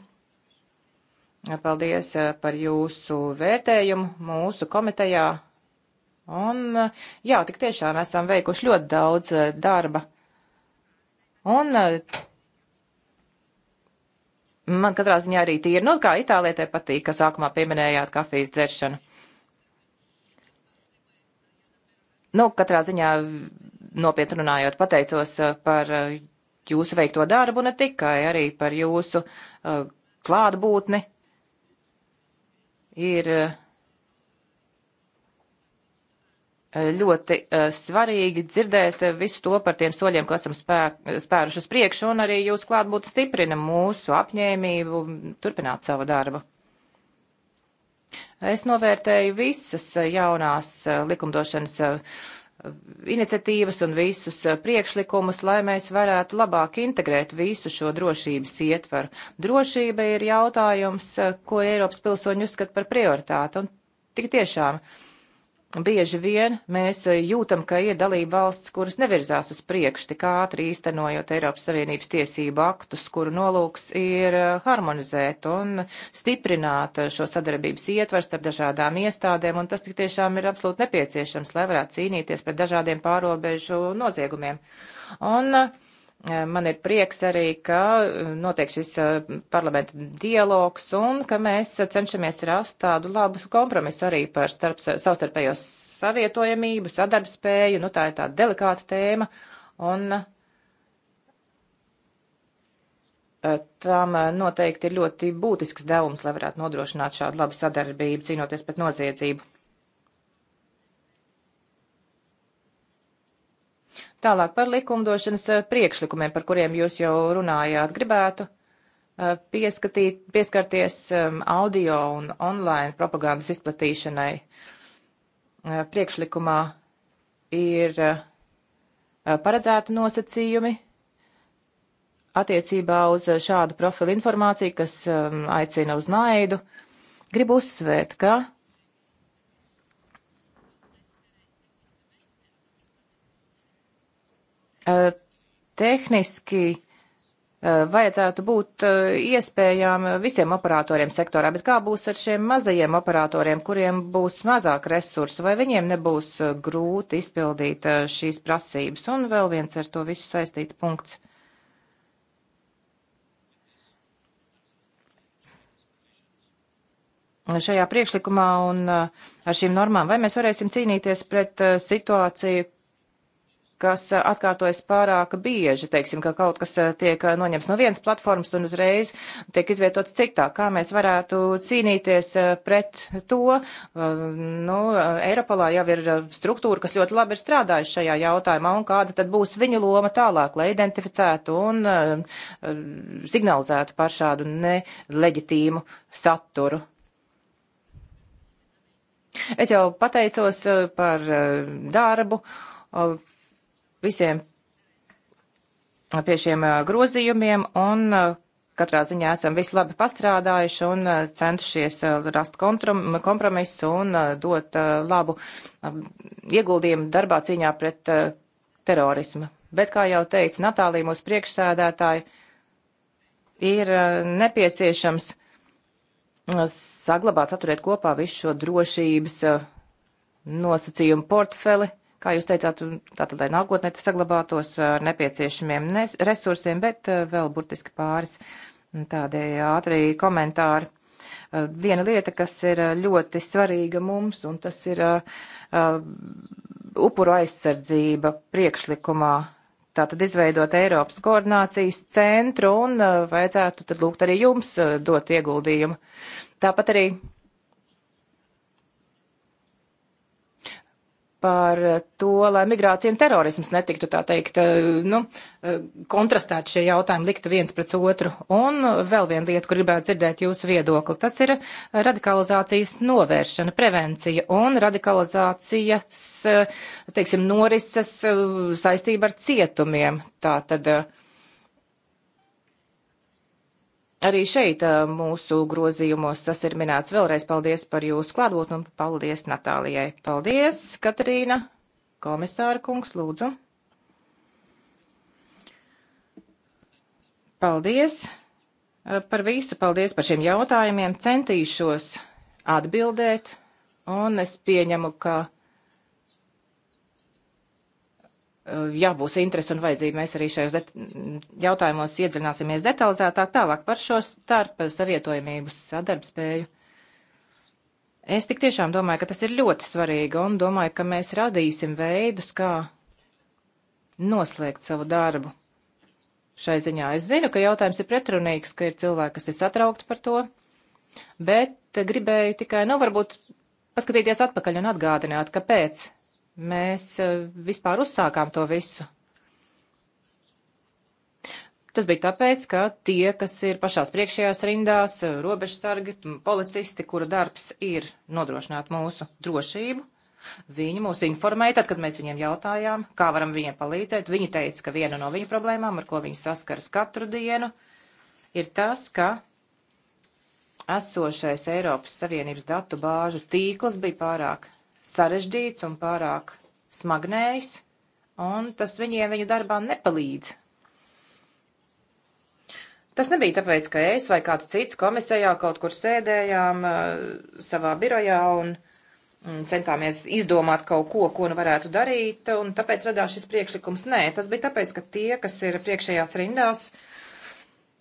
Paldies eh, par jūsu vērtējumu mūsu komitejā. Un eh, jā, tik tiešām esam veikuši ļoti daudz eh, darba. Un man katrā ziņā arī tīri, nu, kā Itālijai patīk, ka sākumā pieminējāt kafijas dzeršanu. Nu, katrā ziņā nopietni runājot, pateicos par jūsu veikto darbu, ne tikai arī par jūsu klātbūtni ir eh, ļoti eh, svarīgi dzirdēt eh, visu to par tiem soļiem, ko esam spēruši uz priekšu, un arī jūs klātbūt stiprina mūsu apņēmību turpināt savu darbu. Es novērtēju visas jaunās likumdošanas iniciatīvas un visus eh, priekšlikumus, lai mēs varētu labāk integrēt visu šo drošības ietvaru. Drošība ir jautājums, eh, ko Eiropas pilsoņi uzskata par prioritāti, un tik tiešām uh, Bieži vien mēs eh, jūtam, ka ir dalība valsts, kuras nevirzās uz priekšu tik ātri īstenojot Eiropas Savienības tiesību aktus, kuru nolūks ir eh, harmonizēt un stiprināt eh, šo sadarbības ietvars starp dažādām iestādēm, un tas tik tiešām ir absolūti nepieciešams, lai varētu cīnīties pret dažādiem pārobežu noziegumiem. Un, uh, Eh, man ir prieks arī, ka eh, notiek šis eh, parlamenta dialogs un ka mēs cenšamies rast tādu labu kompromisu arī par starp, savstarpējo savietojamību, sadarbspēju. Nu, tā ir tāda delikāta tēma. Un tam noteikti ir ļoti būtisks devums, lai varētu nodrošināt šādu labu sadarbību, cīnoties pret noziedzību. Tālāk par likumdošanas eh, priekšlikumiem, par kuriem jūs jau runājāt, gribētu eh, pieskatīt, pieskarties ehm, audio un online propagandas izplatīšanai. Eh, priekšlikumā ir paredzēti nosacījumi attiecībā uz šādu profilu informāciju, kas ehm, aicina uz naidu. Gribu uzsvērt, ka tehniski vajadzētu būt iespējām visiem operatoriem sektorā, bet kā būs ar šiem mazajiem operatoriem, kuriem būs mazāk resursu, vai viņiem nebūs grūti izpildīt šīs prasības? Un vēl viens ar to visu saistīts punkts. šajā priekšlikumā un ar šīm normām, vai mēs varēsim cīnīties pret situāciju, kas eh, atkārtojas pārāk bieži, teiksim, ka kaut kas eh, tiek eh, noņemts no vienas platformas un uzreiz tiek izvietots citā. Kā mēs varētu cīnīties pret to? Nu, Eiropolā jau ir struktūra, kas ļoti labi ir strādājusi šajā jautājumā, un kāda tad būs viņu loma tālāk, lai identificētu un signalizētu par šādu neleģitīmu saturu. Es jau pateicos par darbu visiem pie šiem grozījumiem un katrā ziņā esam visu labi pastrādājuši un centušies rast kompromisu un dot labu ieguldījumu darbā cīņā pret terorismu. Bet, kā jau teica Natālija, mūsu priekšsēdētāji, ir nepieciešams saglabāt, atturēt kopā visu šo drošības nosacījumu portfeli kā jūs teicāt, tātad, lai nākotnē tas saglabātos ar nepieciešamiem resursiem, bet vēl burtiski pāris tādi ātri komentāri. Viena lieta, kas ir ļoti svarīga mums, un tas ir upuru aizsardzība priekšlikumā. Tātad izveidot Eiropas koordinācijas centru un vajadzētu tad lūgt arī jums dot ieguldījumu. Tāpat arī par to, lai migrācija un terorisms netiktu, tā teikt, eh, nu, eh, kontrastēt šie jautājumi, liktu viens pret otru. Un vēl viena lieta, kur gribētu dzirdēt jūsu viedokli, tas ir radikalizācijas novēršana, prevencija un radikalizācijas, eh, teiksim, norises saistība ar cietumiem. Tā tad. Uh, Arī šeit mūsu grozījumos tas ir minēts. Vēlreiz paldies par jūsu klātbūtni un paldies Natālijai. Paldies, Katrīna. Komisāra kungs, lūdzu. Paldies par visu, paldies par šiem jautājumiem. Centīšos atbildēt un es pieņemu, ka Eh, ja būs interesi un vajadzība, mēs arī šajos det jautājumos iedziļināsimies detalizētāk tālāk par šo starp savietojamību sadarbspēju. Es tik tiešām domāju, ka tas ir ļoti svarīgi un domāju, ka mēs radīsim veidus, kā noslēgt savu darbu. Šai ziņā es zinu, ka jautājums ir pretrunīgs, ka ir cilvēki, kas ir satraukti par to, bet gribēju tikai, nu, varbūt paskatīties atpakaļ un atgādināt, kāpēc mēs e, vispār uzsākām to visu. Tas bija tāpēc, ka tie, kas ir pašās priekšējās rindās, e, robežsargi, policisti, kura darbs ir nodrošināt mūsu drošību, viņi mūs informēja, tad, kad mēs viņiem jautājām, kā varam viņiem palīdzēt. Viņi teica, ka viena no viņu problēmām, ar ko viņi saskaras katru dienu, ir tas, ka esošais Eiropas Savienības datu bāžu tīkls bija pārāk sarežģīts un pārāk smagnējs, un tas viņiem viņu darbā nepalīdz. Tas nebija tāpēc, ka es vai kāds cits komisijā kaut kur sēdējām uh, savā birojā un mm, centāmies izdomāt kaut ko, ko nu varētu darīt, un tāpēc radās šis priekšlikums. Nē, tas bija tāpēc, ka tie, kas ir priekšējās rindās,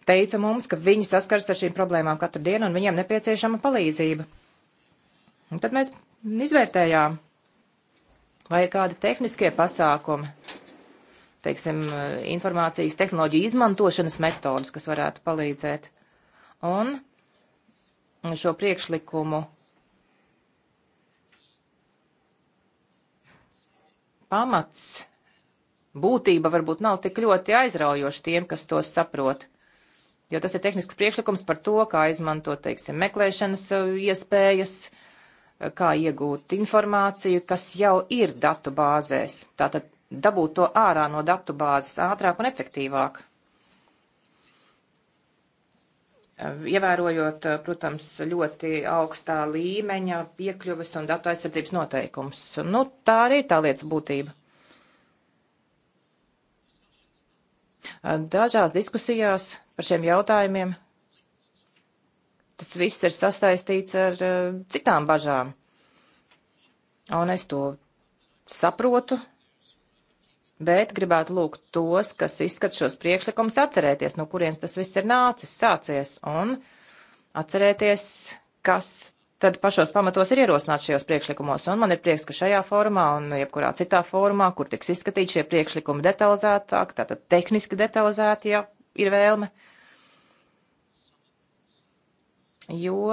teica mums, ka viņi saskars ar šīm problēmām katru dienu un viņiem nepieciešama palīdzība. Un tad mēs Izvērtējām, vai ir kādi tehniskie pasākumi, teiksim, informācijas tehnoloģiju izmantošanas metodas, kas varētu palīdzēt. Un šo priekšlikumu pamats, būtība varbūt nav tik ļoti aizraujoša tiem, kas to saprot. Jo tas ir tehnisks priekšlikums par to, kā izmantot, teiksim, meklēšanas uh, iespējas, uh, kā iegūt informāciju, kas jau ir datu bāzēs. Tātad dabūt to ārā no datu bāzes ātrāk un efektīvāk. Ievērojot, protams, ļoti augstā līmeņa piekļuves un datu aizsardzības noteikums. Nu, tā arī ir tā lietas būtība. Dažās diskusijās par šiem jautājumiem tas viss ir sastaistīts ar uh, citām bažām. Un es to saprotu, bet gribētu lūgt tos, kas izskat šos priekšlikumus, atcerēties, no kurienes tas viss ir nācis, sācies, un atcerēties, kas tad pašos pamatos ir ierosināts šajos priekšlikumos. Un man ir prieks, ka šajā formā un jebkurā citā formā, kur tiks izskatīti šie priekšlikumi detalizētāk, tātad tehniski detalizēti, ja ir vēlme. Uh, jo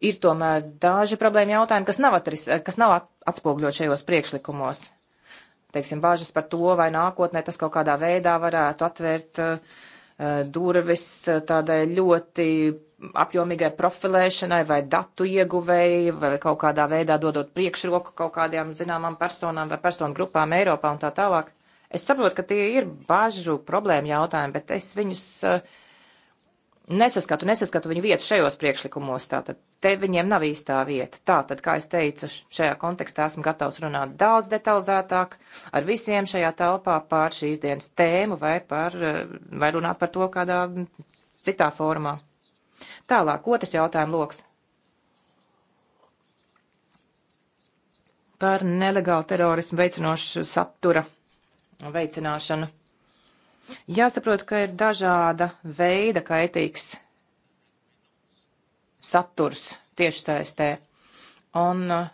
ir tomēr daži problēma jautājumi, kas nav, atris, kas nav atspogļot šajos priekšlikumos. Teiksim, bāžas par to, vai nākotnē tas kaut kādā veidā varētu atvērt uh, durvis eh, tādai ļoti apjomīgai profilēšanai vai datu ieguvēji vai kaut kādā veidā dodot priekšroku kaut kādām zināmām personām vai personu grupām Eiropā un tā tālāk. Es saprotu, ka tie ir bažu problēma jautājumi, bet es viņus uh, nesaskatu, nesaskatu viņu vietu šajos priekšlikumos, tātad te viņiem nav īstā vieta. Tātad, kā es teicu, šajā kontekstā esmu gatavs runāt daudz detalizētāk ar visiem šajā telpā pār šīs dienas tēmu vai, par, eh, vai runāt par to kādā citā formā. Tālāk, otrs jautājums loks. Par nelegālu terorismu veicinošu satura veicināšanu. Jāsaprot, ka ir dažāda veida kaitīgs saturs tiešsaistē, un uh,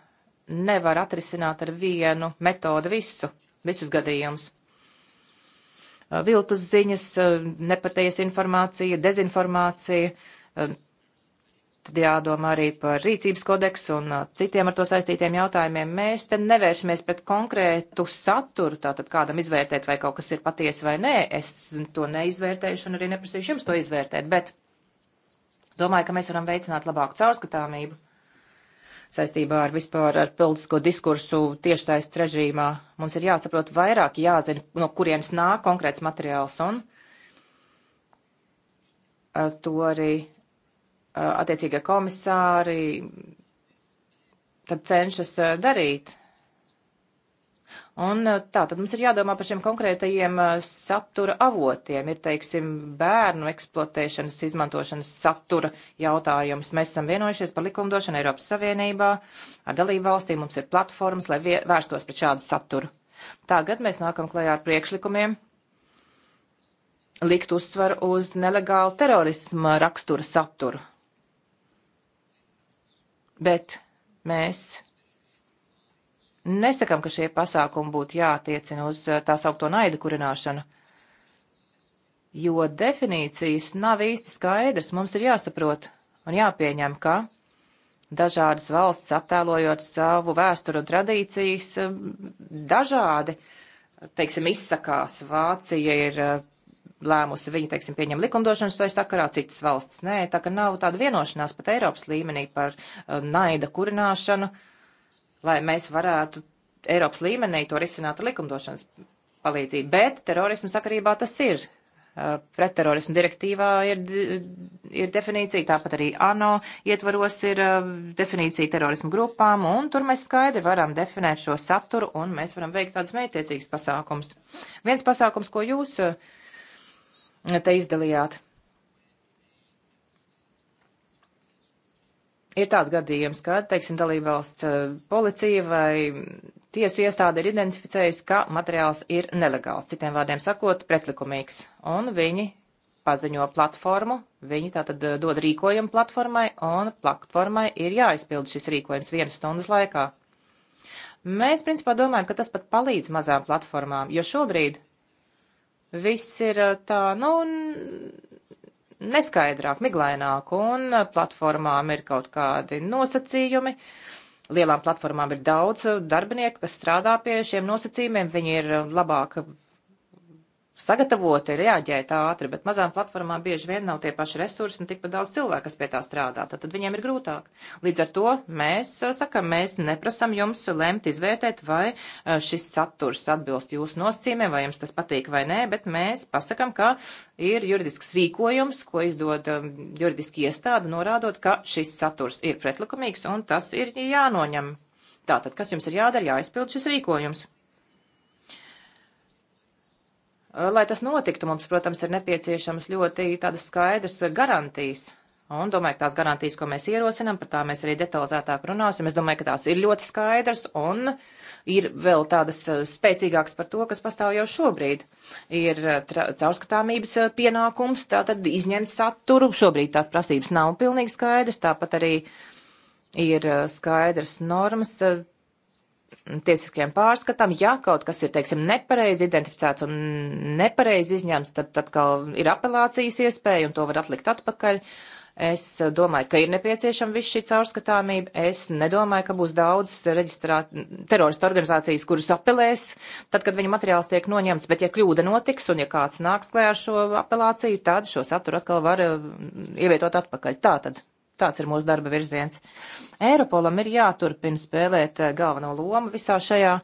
nevar atrisināt ar vienu metodu visu, visus gadījumus. Uh, viltus ziņas, uh, nepatiesa informācija, dezinformācija, Tad jādomā arī par rīcības kodeksu un uh, citiem ar to saistītiem jautājumiem. Mēs te nevēršamies pret konkrētu saturu, tātad kādam izvērtēt, vai kaut kas ir patiesi vai nē. Es to neizvērtēšu un arī neprasīšu jums to izvērtēt, bet domāju, ka mēs varam veicināt labāku caurskatāmību saistībā ar vispār ar politisko diskursu tiešsaistes režīmā. Mums ir jāsaprot vairāk, jāzina, no kurienes nāk konkrēts materiāls, un uh, to arī attiecīgie komisāri tad cenšas darīt. Un tā, tad mums ir jādomā par šiem konkrētajiem satura avotiem. Ir, teiksim, bērnu eksploatēšanas, izmantošanas satura jautājums. Mēs esam vienojušies par likumdošanu Eiropas Savienībā. Ar dalību valstīm mums ir platformas, lai vērstos pret šādu saturu. Tagad mēs nākam klajā ar priekšlikumiem likt uzsvaru uz nelegālu terorisma rakstura saturu bet mēs nesakam, ka šie pasākumi būtu jātiecina uz eh, tā saukto naidu kurināšanu, jo definīcijas nav īsti skaidrs. Mums ir jāsaprot un jāpieņem, ka dažādas valsts attēlojot savu vēsturu un tradīcijas eh, dažādi, teiksim, izsakās. Vācija ir eh, lēmusi viņa, teiksim, pieņem likumdošanas vai sakarā citas valsts. Nē, tā ka nav tāda vienošanās pat Eiropas līmenī par uh, naida kurināšanu, lai mēs varētu Eiropas līmenī to risināt ar likumdošanas palīdzību. Bet terorismu sakarībā tas ir. Uh, pretterorismu direktīvā ir, ir definīcija, tāpat arī ANO ietvaros ir uh, definīcija terorismu grupām, un tur mēs skaidri varam definēt šo saturu, un mēs varam veikt tādas mērķtiecīgas pasākums. Viens pasākums, ko jūs uh, te izdalījāt. Ir tāds gadījums, ka, teiksim, dalībvalsts eh, policija vai tiesu iestāde ir identificējusi, ka materiāls ir nelegāls, citiem vārdiem sakot, pretlikumīgs, un viņi paziņo platformu, viņi tātad eh, dod rīkojumu platformai, un platformai ir jāizpild šis rīkojums vienas stundas laikā. Mēs, principā, domājam, ka tas pat palīdz mazām platformām, jo šobrīd viss ir eh, tā, nu, neskaidrāk, miglaināk, un eh, platformām ir kaut kādi nosacījumi. Lielām platformām ir daudz eh, darbinieku, kas strādā pie šiem nosacījumiem, viņi ir labāk sagatavoti, reaģēt ātri, bet mazām platformām bieži vien nav tie paši resursi un tikpat daudz cilvēku, kas pie tā strādā, tad, tad viņiem ir grūtāk. Līdz ar to mēs eh, sakam, mēs neprasam jums lemt, izvērtēt, vai eh, šis saturs atbilst jūsu nosacījumiem, vai jums tas patīk vai nē, bet mēs pasakam, ka ir juridisks rīkojums, ko izdod eh, juridiski iestāde, norādot, ka šis saturs ir pretlikumīgs un tas ir jānoņem. Tātad, kas jums ir jādara, jāizpild šis rīkojums. Eh, lai tas notiktu, mums, protams, ir nepieciešamas ļoti tādas skaidras garantijas. Un domāju, ka tās garantijas, ko mēs ierosinām, par tām mēs arī detalizētāk runāsim. Es domāju, ka tās ir ļoti skaidras un ir vēl tādas eh, spēcīgākas par to, kas pastāv jau šobrīd. Ir eh, caurskatāmības pienākums, tātad izņemt saturu. Šobrīd tās prasības nav pilnīgi skaidras, tāpat arī ir skaidras normas tiesiskajam pārskatam, ja kaut kas ir, teiksim, nepareizi identificēts un nepareizi izņemts, tad, tad atkal ir apelācijas iespēja un to var atlikt atpakaļ. Es domāju, ka ir nepieciešama viss šī caurskatāmība. Es nedomāju, ka būs daudz reģistrēt teroristu organizācijas, kuras apelēs, tad, kad viņu materiāls tiek noņemts. Bet, ja kļūda notiks un ja kāds nāks klējā ar šo apelāciju, tad šo saturu atkal var mm, ievietot atpakaļ. Tā tad Tāds ir mūsu darba virziens. Eiropolam ir jāturpina spēlēt eh, galveno lomu visā šajā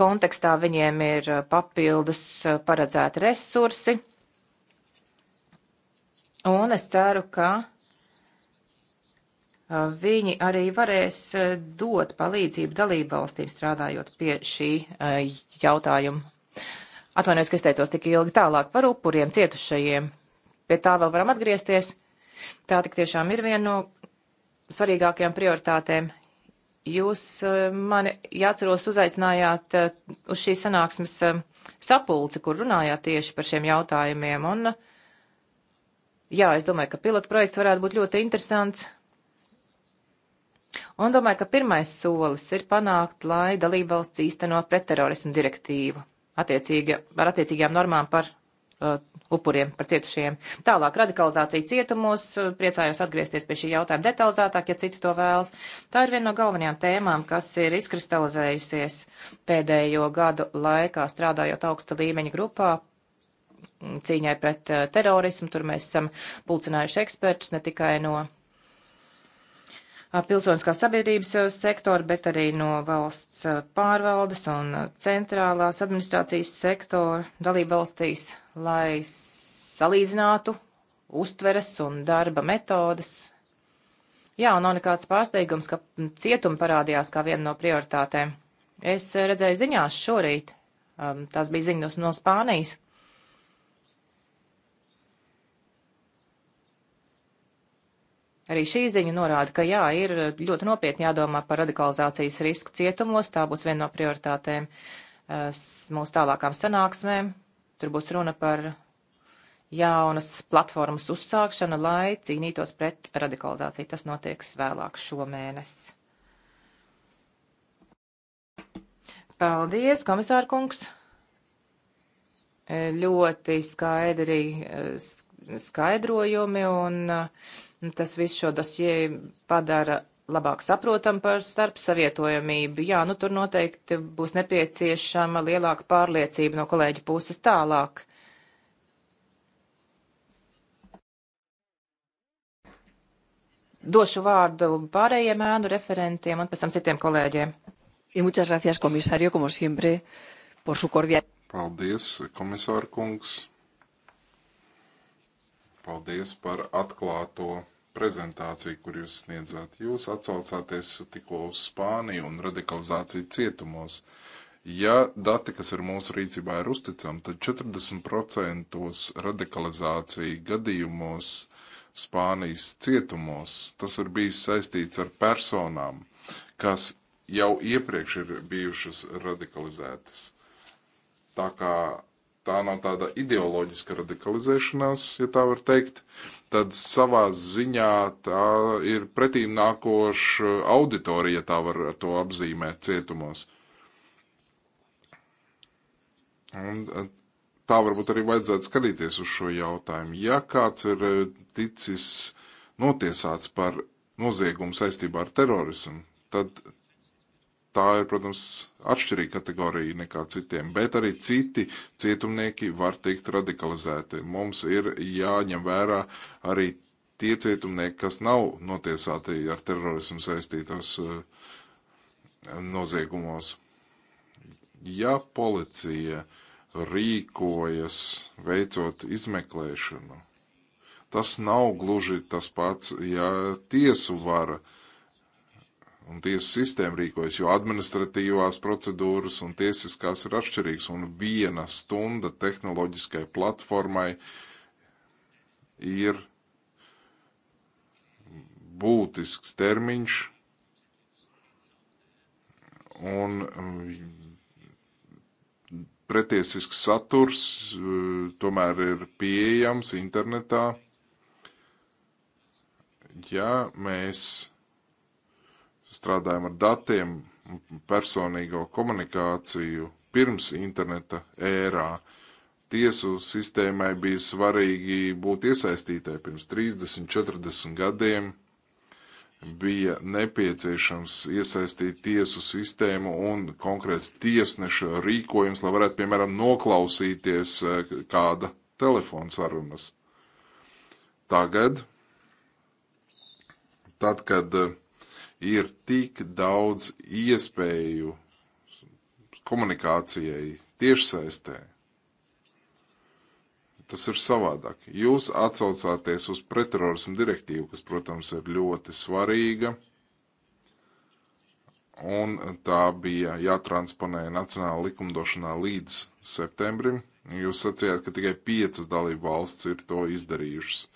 kontekstā. Viņiem ir eh, papildus eh, paredzēti resursi. Un es ceru, ka viņi arī varēs dot palīdzību dalībvalstīm strādājot pie šī jautājuma. Atvainojos, ka es teicos tik ilgi tālāk par upuriem, cietušajiem. Pie tā vēl varam atgriezties. Tā tik tiešām ir viena no svarīgākajām prioritātēm. Jūs eh, mani, ja atceros, uzaicinājāt eh, uz šīs sanāksmes eh, sapulci, kur runājāt tieši par šiem jautājumiem. Un, jā, es domāju, ka pilotu projekts varētu būt ļoti interesants. Un domāju, ka pirmais solis ir panākt, lai dalībvalsts īsteno pretterorismu direktīvu attiecīgi, ar attiecīgajām normām par Uh, upuriem, par cietušajiem. Tālāk radikalizācija cietumos, uh, priecājos atgriezties pie šī jautājuma detalizētāk, ja citi to vēlas. Tā ir viena no galvenajām tēmām, kas ir izkristalizējusies pēdējo gadu laikā, strādājot augsta līmeņa grupā cīņai pret uh, terorismu. Tur mēs esam pulcinājuši ekspertus ne tikai no pilsoniskā sabiedrības sektora, bet arī no valsts pārvaldes un centrālās administrācijas sektora dalība valstīs, lai salīdzinātu uztveres un darba metodas. Jā, nav nekāds pārsteigums, ka cietumi parādījās kā viena no prioritātēm. Es redzēju ziņās šorīt, um, tās bija ziņas no Spānijas, Arī šī ziņa norāda, ka jā, ir ļoti nopietni jādomā par radikalizācijas risku cietumos. Tā būs viena no prioritātēm eh, mūsu tālākām sanāksmēm. Tur būs runa par jaunas platformas uzsākšanu, lai cīnītos pret radikalizāciju. Tas notiek vēlāk šomēnes. Paldies, komisārkungs! Eh, ļoti skaidri eh, skaidrojumi un uh, Tas viss šo dosie padara labāk saprotam par starp savietojamību. Jā, nu tur noteikti būs nepieciešama lielāka pārliecība no kolēģa puses tālāk. Došu vārdu pārējiem ēnu referentiem un pēc tam citiem kolēģiem. Y muchas gracias, komisario, como siempre, por su cordial. Paldies, komisār kungs. Paldies par atklāto prezentāciju, kur jūs sniedzāt. Jūs atsaucāties tikko uz Spāniju un radikalizāciju cietumos. Ja dati, kas ir mūsu rīcībā, ir uzticami, tad 40% radikalizācija gadījumos Spānijas cietumos tas ir bijis saistīts ar personām, kas jau iepriekš ir bijušas radikalizētas. Tā kā tā nav tāda ideoloģiska radikalizēšanās, ja tā var teikt, tad savā ziņā tā ir pretīm nākoša auditorija, ja tā var to apzīmēt cietumos. Un eh, tā varbūt arī vajadzētu skatīties uz šo jautājumu. Ja kāds ir eh, ticis notiesāts par noziegumu saistībā ar terorismu, tad tā ir, protams, atšķirīga kategorija nekā citiem, bet arī citi cietumnieki var tikt radikalizēti. Mums ir jāņem vērā arī tie cietumnieki, kas nav notiesāti ar terorismu saistītos eh, noziegumos. Ja policija rīkojas veicot izmeklēšanu, tas nav gluži tas pats, ja tiesu vara uh, un tiesu sistēma rīkojas, jo administratīvās procedūras un tiesiskās ir atšķirīgas, un viena stunda tehnoloģiskai platformai ir būtisks termiņš, un um, pretiesisks saturs uh, tomēr ir pieejams internetā. Ja mēs strādājam ar datiem, personīgo komunikāciju pirms interneta ērā. Tiesu sistēmai bija svarīgi būt iesaistītai pirms 30, 40 gadiem. Bija nepieciešams iesaistīt tiesu sistēmu un konkrēts tiesneša rīkojums, lai varētu, piemēram, noklausīties e, kāda telefonsarunas. Tagad, tad, kad uh, ir tik daudz iespēju komunikācijai tiešsaistē. Tas ir savādāk. Jūs atsaucāties uz pretterorismu direktīvu, kas, protams, ir ļoti svarīga, un tā bija jātransponē nacionāla likumdošanā līdz septembrim. Jūs sacījāt, ka tikai piecas dalību valsts ir to izdarījušas.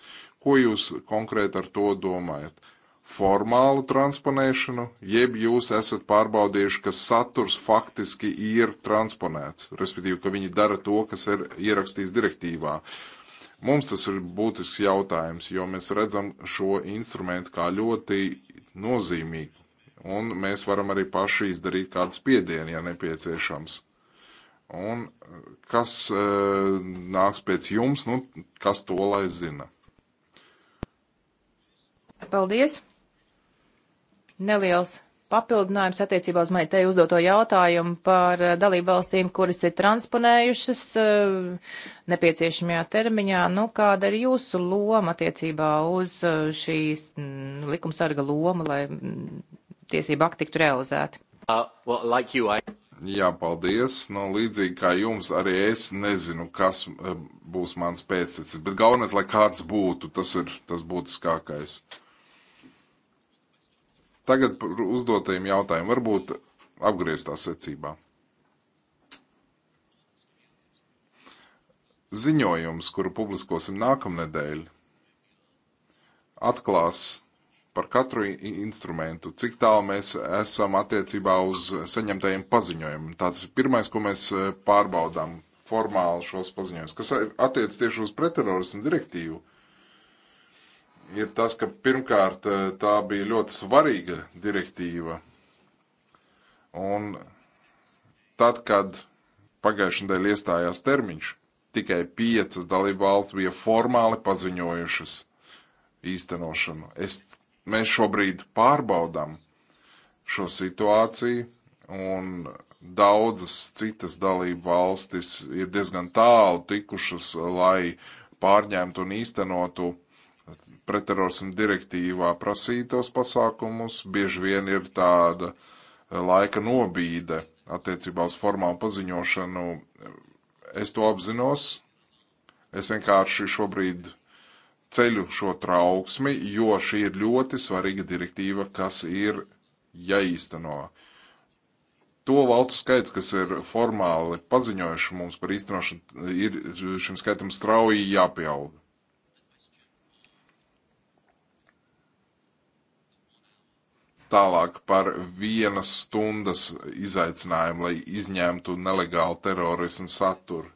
Ko jūs konkrēti ar to domājat? formālu transponēšanu, jeb jūs esat pārbaudījuši, ka saturs faktiski ir transponēts, respektīvi, ka viņi dara to, kas ir ierakstīts direktīvā. Mums tas ir būtisks jautājums, jo mēs redzam šo instrumentu kā ļoti nozīmīgu, un mēs varam arī paši izdarīt kādu spiedienu, ja nepieciešams. Un kas e, nāks pēc jums, nu, kas to lai zina? Paldies! neliels papildinājums attiecībā uz man te uzdoto jautājumu par eh, dalību valstīm, kuras ir transponējušas eh, nepieciešamajā termiņā. Nu, kāda ir jūsu loma attiecībā uz eh, šīs mm, likumsarga loma, lai mm, tiesība akti tiktu realizēti? Uh, well, like you, I... Jā, paldies. No nu, līdzīgi kā jums, arī es nezinu, kas būs mans pēctecis, bet galvenais, lai kāds būtu, tas ir tas būtiskākais. Tagad par uzdotajiem jautājumiem, varbūt apgrieztā secībā. Ziņojums, kuru publiskosim nākamnedēļ, atklās par katru instrumentu, cik tālu mēs esam attiecībā uz saņemtajiem paziņojumiem. Tāds ir pirmais, ko mēs eh, pārbaudām formāli šos paziņojumus, kas attiec tieši uz pretterorismu direktīvu. Uh, ir tas, ka pirmkārt eh, tā bija ļoti svarīga direktīva. Un tad, kad pagājušajā nedēļā iestājās termiņš, tikai piecas dalību valsts bija formāli paziņojušas īstenošanu. Es, mēs šobrīd pārbaudām šo situāciju, un daudzas citas dalību valstis ir diezgan tālu tikušas, lai pārņemtu un īstenotu pretterorismu direktīvā prasītos pasākumus, bieži vien ir tāda eh, laika nobīde attiecībā uz formālu paziņošanu. Es to apzinos, es vienkārši šobrīd ceļu šo trauksmi, jo šī ir ļoti svarīga direktīva, kas ir jāīsteno. To valstu skaits, kas ir formāli paziņojuši mums par īstenošanu, ir šim skaitam strauji jāpieauga. Tālāk par vienas stundas izaicinājumu, lai izņemtu nelegālu terorismu saturu.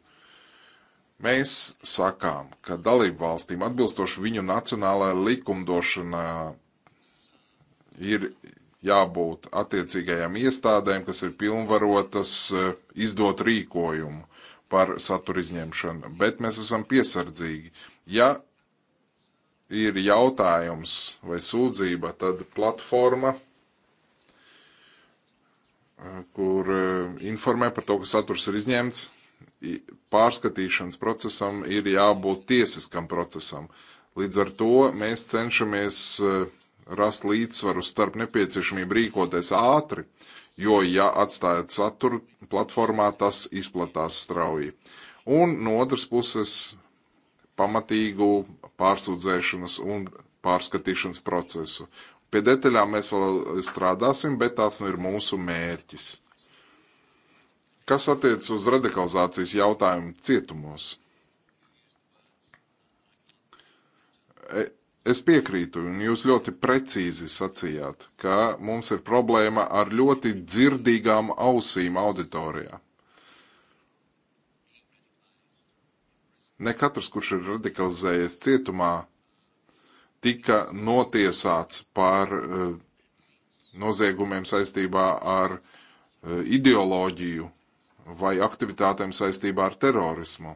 Mēs sakām, ka dalību valstīm atbilstoši viņu nacionālajā likumdošanā ir jābūt attiecīgajām iestādēm, kas ir pilnvarotas eh, izdot rīkojumu par satura izņemšanu, bet mēs esam piesardzīgi. Ja ir jautājums vai sūdzība, tad platforma, eh, kur eh, informē par to, ka saturs ir izņemts, pārskatīšanas procesam ir jābūt tiesiskam procesam. Līdz ar to mēs cenšamies eh, rast līdzsvaru starp nepieciešamību rīkoties ātri, jo, ja atstājat saturu platformā, tas izplatās strauji. Un no otras puses pamatīgu pārsūdzēšanas un pārskatīšanas procesu. Pie detaļām mēs vēl strādāsim, bet tās nu ir mūsu mērķis. Kas attiec uz radikalizācijas jautājumu cietumos? E, es piekrītu, un jūs ļoti precīzi sacījāt, ka mums ir problēma ar ļoti dzirdīgām ausīm auditorijā. Ne katrs, kurš ir radikalizējies cietumā, tika notiesāts par uh, noziegumiem saistībā ar uh, ideoloģiju vai aktivitātēm saistībā ar terorismu.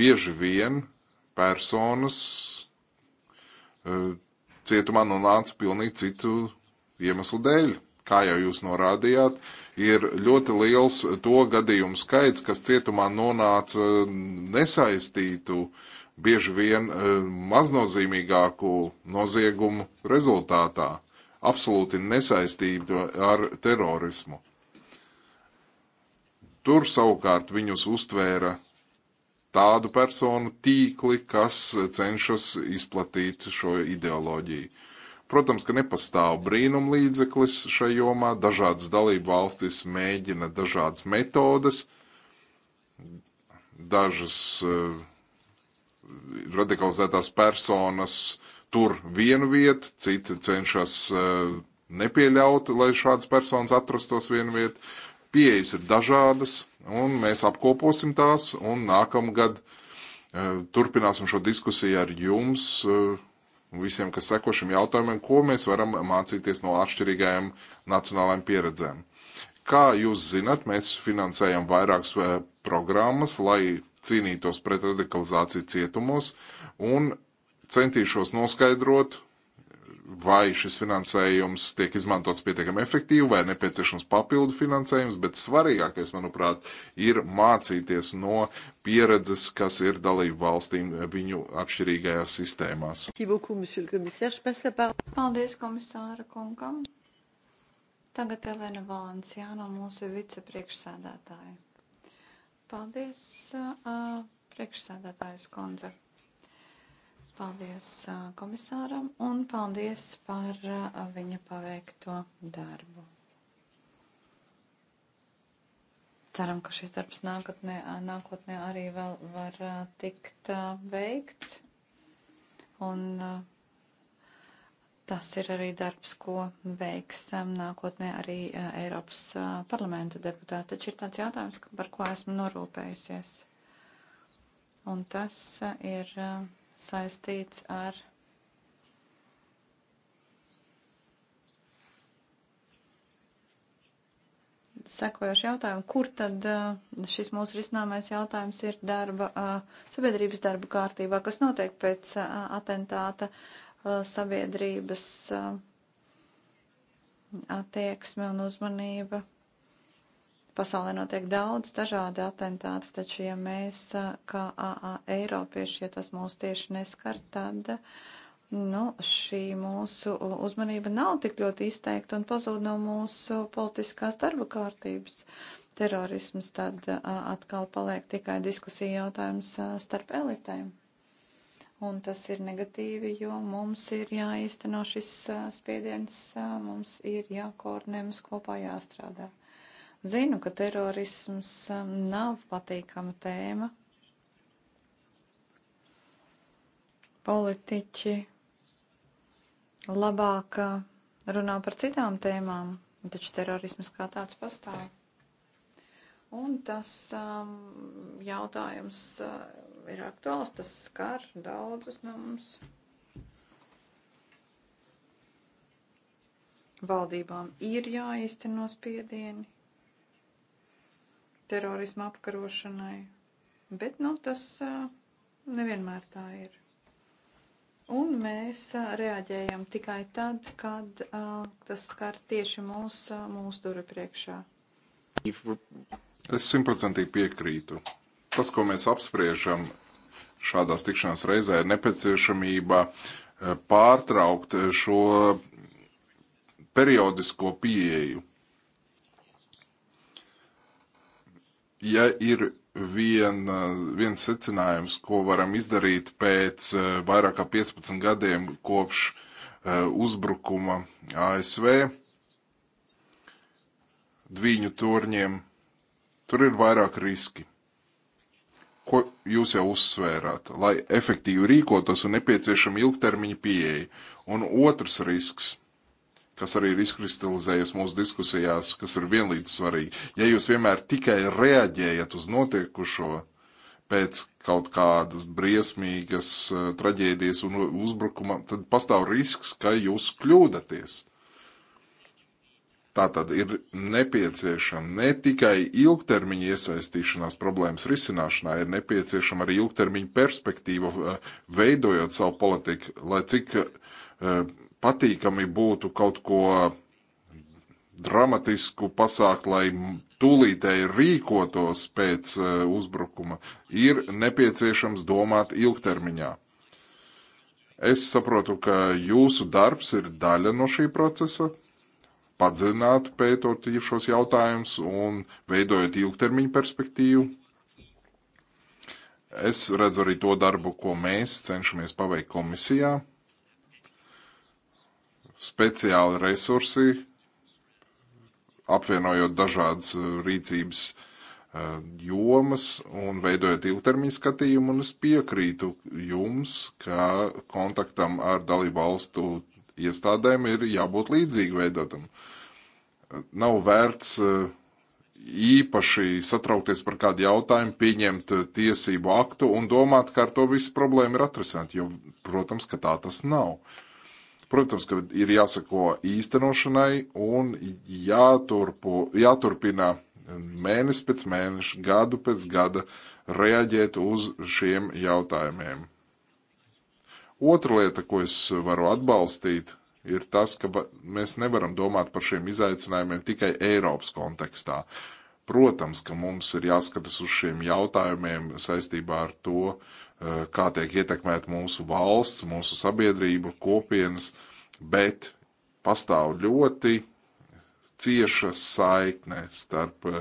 Bieži vien personas uh, cietumā nonāca pilnīgi citu iemeslu dēļ. Kā jau jūs norādījāt, ir ļoti liels to gadījumu skaits, kas cietumā nonāca nesaistītu, bieži vien e, maznozīmīgāku noziegumu rezultātā, absolūti nesaistītu ar terorismu. Tur savukārt viņus uztvēra tādu personu tīkli, kas cenšas izplatīt šo ideoloģiju. Protams, ka nepastāv brīnumlīdzeklis šajā jomā. Dažādas dalību valstis mēģina dažādas metodes, dažas uh, radikalizētās personas tur vienu vietu, citi cenšas uh, nepieļaut, lai šādas personas atrastos vienu vietu. Pieejas ir dažādas, un mēs apkoposim tās, un nākamgad uh, turpināsim šo diskusiju ar jums. Uh, un visiem, kas seko šim jautājumam, ko mēs varam mācīties no atšķirīgajām nacionālajām pieredzēm. Kā jūs zinat, mēs finansējam vairākas eh, programmas, lai cīnītos pret radikalizāciju cietumos, un centīšos noskaidrot, vai šis finansējums tiek izmantots pietiekami efektīvi, vai nepieciešams papildu finansējums, bet svarīgākais, manuprāt, ir mācīties no pieredzes, kas ir dalību valstīm viņu atšķirīgajās sistēmās. Paldies komisāra kungam. Tagad Elena Valenciāno, mūsu vicepriekšsēdētāja. Paldies, uh, priekšsēdētājas konzervatīvai. Paldies komisāram un paldies par viņa paveikto darbu. Ceram, ka šis darbs nākotnē, nākotnē arī vēl var tikt veikts. Un tas ir arī darbs, ko veiks nākotnē arī Eiropas parlamenta deputāti. Taču ir tāds jautājums, par ko esmu norūpējusies. Un tas ir saistīts ar sekojošu jautājumu, kur tad uh, šis mūsu risināmais jautājums ir darba, uh, sabiedrības darba kārtībā, kas notiek pēc uh, atentāta sabiedrības attieksme un uzmanība Pasaulē notiek daudz dažādi atentāti, taču ja mēs, kā AA Eiropieši, ja tas mūs tieši neskar, tad nu, šī mūsu uzmanība nav tik ļoti izteikta un pazūd no mūsu politiskās darba kārtības. Terorisms tad atkal paliek tikai diskusija jautājums starp elitēm. Un tas ir negatīvi, jo mums ir jāīsteno šis spiediens, mums ir jākoordinē, mums kopā jāstrādā. Zinu, ka terorisms um, nav patīkama tēma. Politiķi labāk uh, runā par citām tēmām, taču terorisms kā tāds pastāv. Un tas um, jautājums uh, ir aktuāls, tas skar daudzus no mums. Valdībām ir jāizteno spiedieni terorismu apkarošanai. Bet, nu, tas nevienmēr tā ir. Un mēs reaģējam tikai tad, kad uh, tas skar tieši mūs, mūsu duru priekšā. Es simtprocentīgi piekrītu. Tas, ko mēs apspriežam šādās tikšanās reizē, ir nepieciešamība pārtraukt šo periodisko pieeju ja ir vien, viens secinājums, ko varam izdarīt pēc eh, vairāk kā 15 gadiem kopš eh, uzbrukuma ASV dviņu torņiem, tur ir vairāk riski ko jūs jau uzsvērāt, lai efektīvi rīkotos un nepieciešama ilgtermiņa pieeja. Un otrs risks kas arī ir izkristalizējies mūsu diskusijās, kas ir vienlīdz svarīgi. Ja jūs vienmēr tikai reaģējat uz notiekušo pēc kaut kādas briesmīgas eh, traģēdijas un uzbrukuma, tad pastāv risks, ka jūs kļūdaties. Tātad ir nepieciešama ne tikai ilgtermiņa iesaistīšanās problēmas risināšanā, ir nepieciešama arī ilgtermiņa perspektīva, eh, veidojot savu politiku, lai cik uh, patīkami būtu kaut ko dramatisku pasākt, lai tūlītēji rīkotos pēc e, uzbrukuma, ir nepieciešams domāt ilgtermiņā. Es saprotu, ka jūsu darbs ir daļa no šī procesa, padzināt pētot šos jautājumus un veidojot ilgtermiņu perspektīvu. Es redzu arī to darbu, ko mēs cenšamies paveikt komisijā speciāli resursi, apvienojot dažādas uh, rīcības uh, jomas un veidojot ilgtermiņu skatījumu, un es piekrītu jums, ka kontaktam ar dalību valstu iestādēm ir jābūt līdzīgi veidotam. Nav vērts uh, īpaši satraukties par kādu jautājumu, pieņemt tiesību aktu un domāt, ka ar to visu problēmu ir atrisināt, jo, protams, ka tā tas nav. Protams, ka ir jāsako īstenošanai un jāturpo, jāturpina mēnesi pēc mēneša, gadu pēc gada reaģēt uz šiem jautājumiem. Otra lieta, ko es varu atbalstīt, ir tas, ka mēs nevaram domāt par šiem izaicinājumiem tikai Eiropas kontekstā. Protams, ka mums ir jāskatās uz šiem jautājumiem saistībā ar to, uh, Eh, kā tiek ietekmēta mūsu valsts, mūsu sabiedrība, kopienas, bet pastāv ļoti cieša saikne starp eh,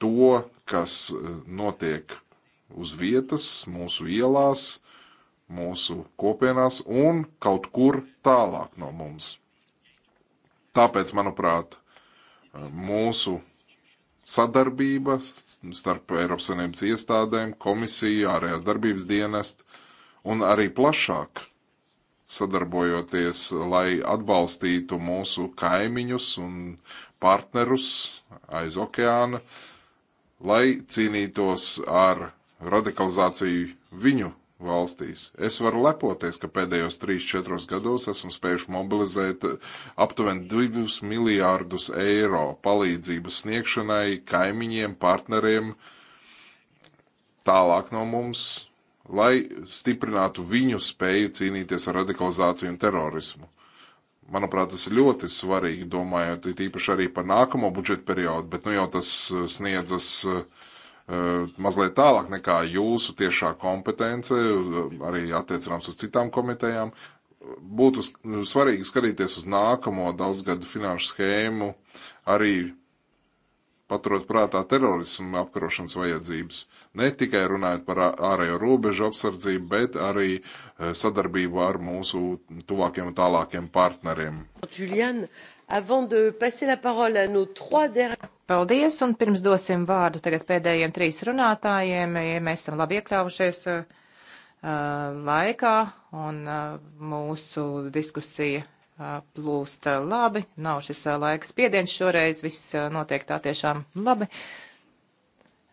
to, kas eh, notiek uz vietas, mūsu ielās, mūsu kopienās un kaut kur tālāk no mums. Tāpēc, manuprāt, mūsu sadarbība starp Eiropas Savienības iestādēm, komisiju, ārējās darbības dienestu un arī plašāk sadarbojoties, lai atbalstītu mūsu kaimiņus un partnerus aiz okeāna, lai cīnītos ar radikalizāciju viņu valstīs. Es varu lepoties, ka pēdējos 3-4 gados esam spējuši mobilizēt eh, aptuveni 2 miljārdus eiro palīdzības sniegšanai kaimiņiem, partneriem tālāk no mums, lai stiprinātu viņu spēju cīnīties ar radikalizāciju un terorismu. Manuprāt, tas ir ļoti svarīgi, domājot īpaši arī par nākamo budžetu periodu, bet nu jau tas eh, sniedzas uh, Eh, mazliet tālāk nekā jūsu tiešā kompetence, eh, arī attiecināms uz citām komitejām. Būtu eh, svarīgi skatīties uz nākamo daudzgadu finanšu schēmu, arī paturot prātā terorismu apkarošanas vajadzības. Ne tikai runājot par ārējo robežu apsardzību, bet arī sadarbību ar mūsu tuvākiem un tālākiem partneriem. Julian, uh, Paldies, un pirms dosim vārdu tagad pēdējiem trīs runātājiem, ja mēs esam labi iekļāvušies uh, laikā, un uh, mūsu diskusija uh, plūst labi, nav šis laiks spiediens šoreiz, viss notiek tā tiešām labi.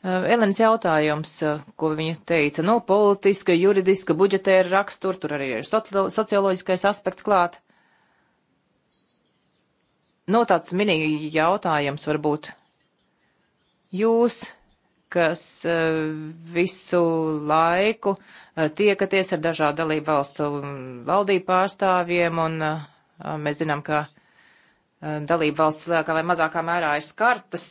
Elens jautājums, ko viņa teica, nu, politiska, juridiska, budžetēra rakstura, tur arī ir socioloģiskais aspekts klāt. Uh, No nu, tāds mini jautājums varbūt. Jūs, kas eh, visu laiku eh, tiekaties ar dažādu dalību valstu mm, valdību pārstāvjiem, un eh, mēs zinām, ka dalību valsts lielākā vai mazākā mērā ir skartas,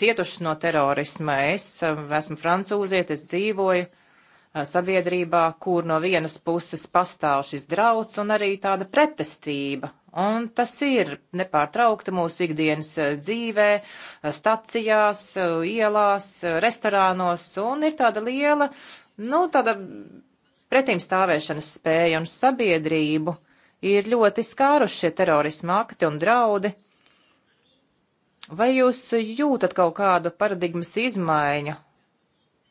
cietušas no terorisma. Es esmu francūziet, es dzīvoju sabiedrībā, kur no vienas puses pastāv šis drauds un arī tāda pretestība Un tas ir nepārtraukti mūsu ikdienas eh, dzīvē, eh, stacijās, eh, ielās, restorānos, un ir tāda liela, nu, tāda pretīm stāvēšanas spēja un sabiedrību ir ļoti skāruši šie terorisma akti un draudi. Vai jūs jūtat kaut kādu paradigmas izmaiņu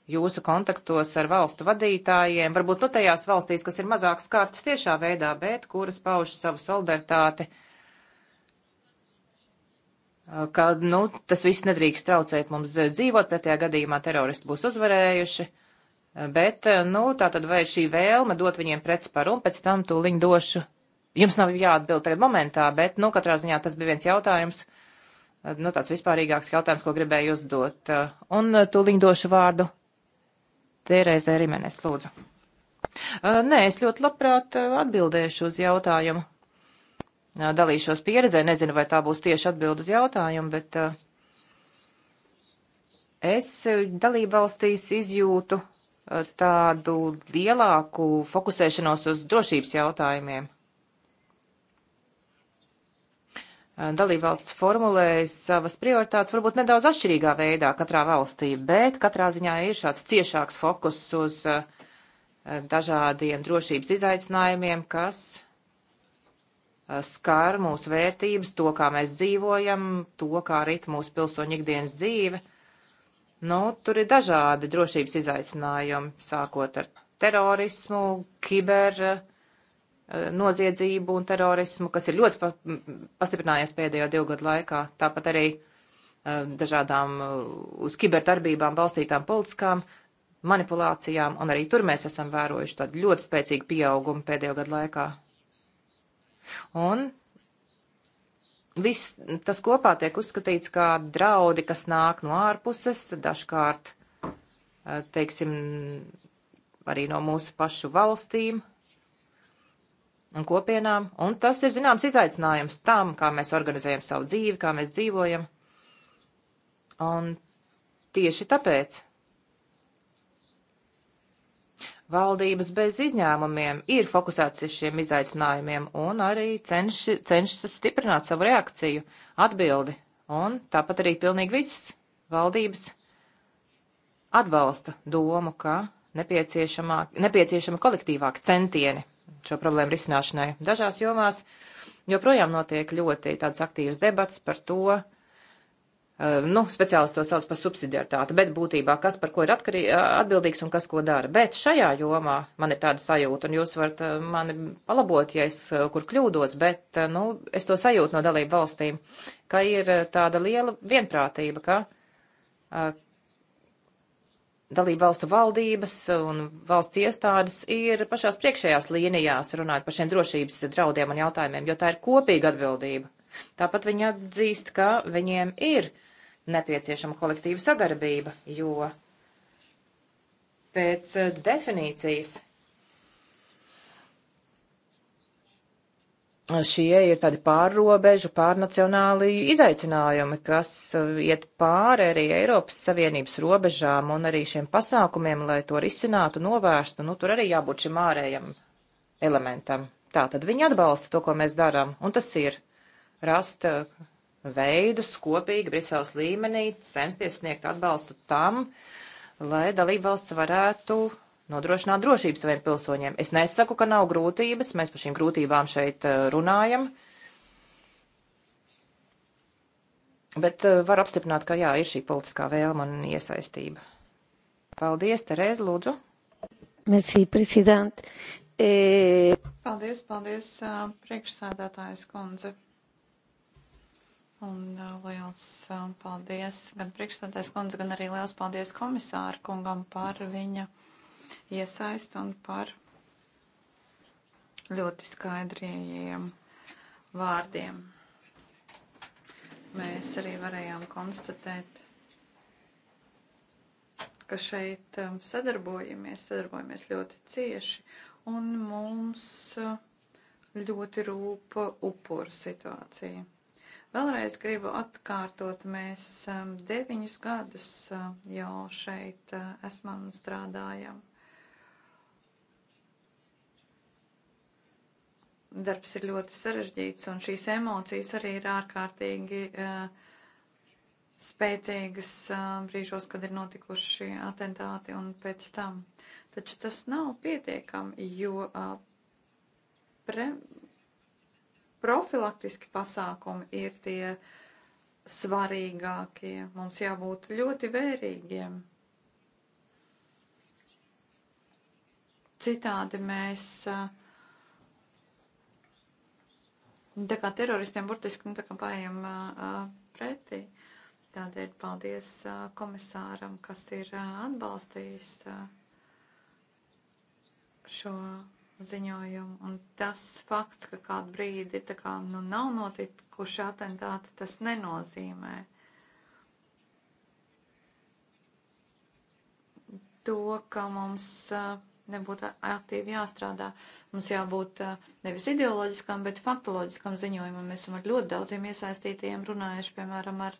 jūsu kontaktos ar valstu vadītājiem, varbūt nu tajās valstīs, kas ir mazāk skārtas tiešā veidā, bet kuras pauž savu solidaritāti, ka, nu, tas viss nedrīkst traucēt mums dzīvot, pretējā gadījumā teroristi būs uzvarējuši, bet, nu, tā tad vai šī vēlme dot viņiem pretsparu un pēc tam tūliņ došu. Jums nav jāatbild tagad momentā, bet, nu, katrā ziņā tas bija viens jautājums nu, tāds vispārīgāks jautājums, ko gribēju uzdot. Un tūlīt došu vārdu Terēzē Rimenes, lūdzu. Nē, es ļoti labprāt atbildēšu uz jautājumu. Dalīšos pieredzē, nezinu, vai tā būs tieši atbild uz jautājumu, bet es dalībvalstīs izjūtu tādu lielāku fokusēšanos uz drošības jautājumiem. Eh, dalībvalsts formulēja savas prioritātes varbūt nedaudz atšķirīgā veidā katrā valstī, bet katrā ziņā ir šāds ciešāks fokus uz eh, dažādiem drošības izaicinājumiem, kas eh, skar mūsu vērtības, to, kā mēs dzīvojam, to, kā rit mūsu pilsoņu ikdienas dzīve. Nu, tur ir dažādi drošības izaicinājumi, sākot ar terorismu, kiber noziedzību un terorismu, kas ir ļoti pa, pastiprinājies pēdējo divu gadu laikā. Tāpat arī e, dažādām e, uz kiberdarbībām balstītām politiskām manipulācijām, un arī tur mēs esam vērojuši tādu ļoti spēcīgu pieaugumu pēdējo gadu laikā. Un viss tas kopā tiek uzskatīts kā draudi, kas nāk no ārpuses, dažkārt, e, teiksim, arī no mūsu pašu valstīm, un kopienām, un tas ir zināms izaicinājums tam, kā mēs organizējam savu dzīvi, kā mēs dzīvojam. Un tieši tāpēc valdības bez izņēmumiem ir fokusētas uz šiem izaicinājumiem un arī cenšas cenš stiprināt savu reakciju, atbildi. Un tāpat arī pilnīgi visas valdības atbalsta domu, ka nepieciešama kolektīvāka centieni šo problēmu risināšanai. Dažās jomās joprojām notiek ļoti tāds aktīvs debats par to, eh, nu, speciālisti to sauc par subsidiaritāti, bet būtībā kas par ko ir atkarī, eh, atbildīgs un kas ko dara. Bet šajā jomā man ir tāda sajūta, un jūs varat eh, mani palabot, ja es kur kļūdos, bet, nu, es to sajūtu no dalību valstīm, ka ir tāda liela vienprātība, ka dalību valstu valdības un valsts iestādes ir pašās priekšējās līnijās runāt par šiem drošības draudiem un jautājumiem, jo tā ir kopīga atbildība. Tāpat viņi atzīst, ka viņiem ir nepieciešama kolektīva sadarbība, jo pēc eh, definīcijas šie ir tādi pārrobežu, pārnacionāli izaicinājumi, kas uh, iet pāri arī Eiropas Savienības robežām un arī šiem pasākumiem, lai to risinātu, novērstu. Nu, tur arī jābūt šim ārējam elementam. Tā tad viņi atbalsta to, ko mēs darām, un tas ir rast uh, veidus kopīgi Briseles līmenī, censties sniegt atbalstu tam, lai dalībvalsts varētu nodrošināt drošību saviem pilsoņiem. Es nesaku, ka nav grūtības, mēs par šīm grūtībām šeit eh, runājam. Bet eh, var apstiprināt, ka jā, ir šī politiskā vēlma un iesaistība. Paldies, Terēze, lūdzu. Merci, prezident. E... Eh, paldies, paldies, priekšsēdētājas kundze. Un liels paldies gan priekšsēdētājas kundze, gan arī liels paldies komisāru kungam par viņa iesaist un par ļoti skaidriem vārdiem. Mēs arī varējām konstatēt, ka šeit um, sadarbojamies, sadarbojamies ļoti cieši, un mums uh, ļoti rūpa upuru situācija. Vēlreiz gribu atkārtot, mēs um, deviņus gadus uh, jau šeit uh, esmam un strādājam. darbs ir ļoti sarežģīts, un šīs emocijas arī ir ārkārtīgi uh, spēcīgas uh, brīžos, kad ir notikuši atentāti un pēc tam. Taču tas nav pietiekami, jo uh, pre, profilaktiski pasākumi ir tie svarīgākie. Mums jābūt ļoti vērīgiem. Citādi mēs uh, Nu, tā kā teroristiem burtiski nu, tā kā paiem pretī. Tādēļ paldies komisāram, kas ir atbalstījis šo ziņojumu. Un tas fakts, ka kādu brīdi tā kā nu, nav notikuši atentāti, tas nenozīmē to, ka mums. Uh, nebūtu aktīvi jāstrādā. Mums jābūt nevis ideoloģiskam, bet faktoloģiskam ziņojumam. Mēs esam ar ļoti daudziem iesaistītiem runājuši, piemēram, ar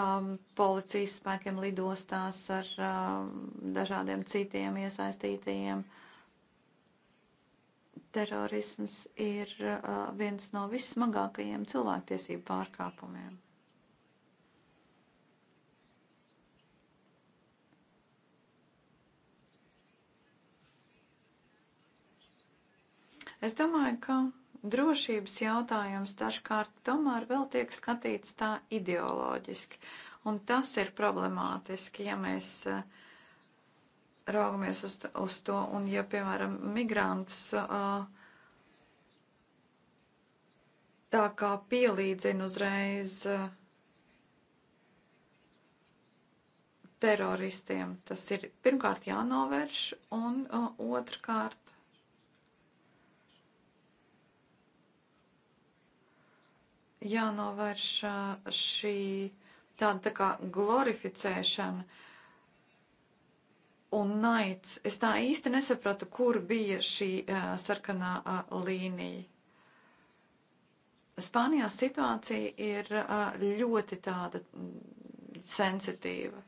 um, policijas spēkiem lidostās, ar um, dažādiem citiem iesaistītajiem. Terorisms ir uh, viens no vissmagākajiem cilvēktiesību pārkāpumiem. Es domāju, ka drošības jautājums dažkārt tomēr vēl tiek skatīts tā ideoloģiski. Un tas ir problemātiski, ja mēs eh, raugamies uz, uz to, un ja, piemēram, migrants eh, tā kā pielīdzina uzreiz eh, teroristiem, tas ir pirmkārt jānovērš, un otrkārt jānovērš šī tāda tā kā glorificēšana un naids. Es tā īsti nesapratu, kur bija šī uh, sarkanā uh, līnija. Spānijā situācija ir uh, ļoti tāda sensitīva.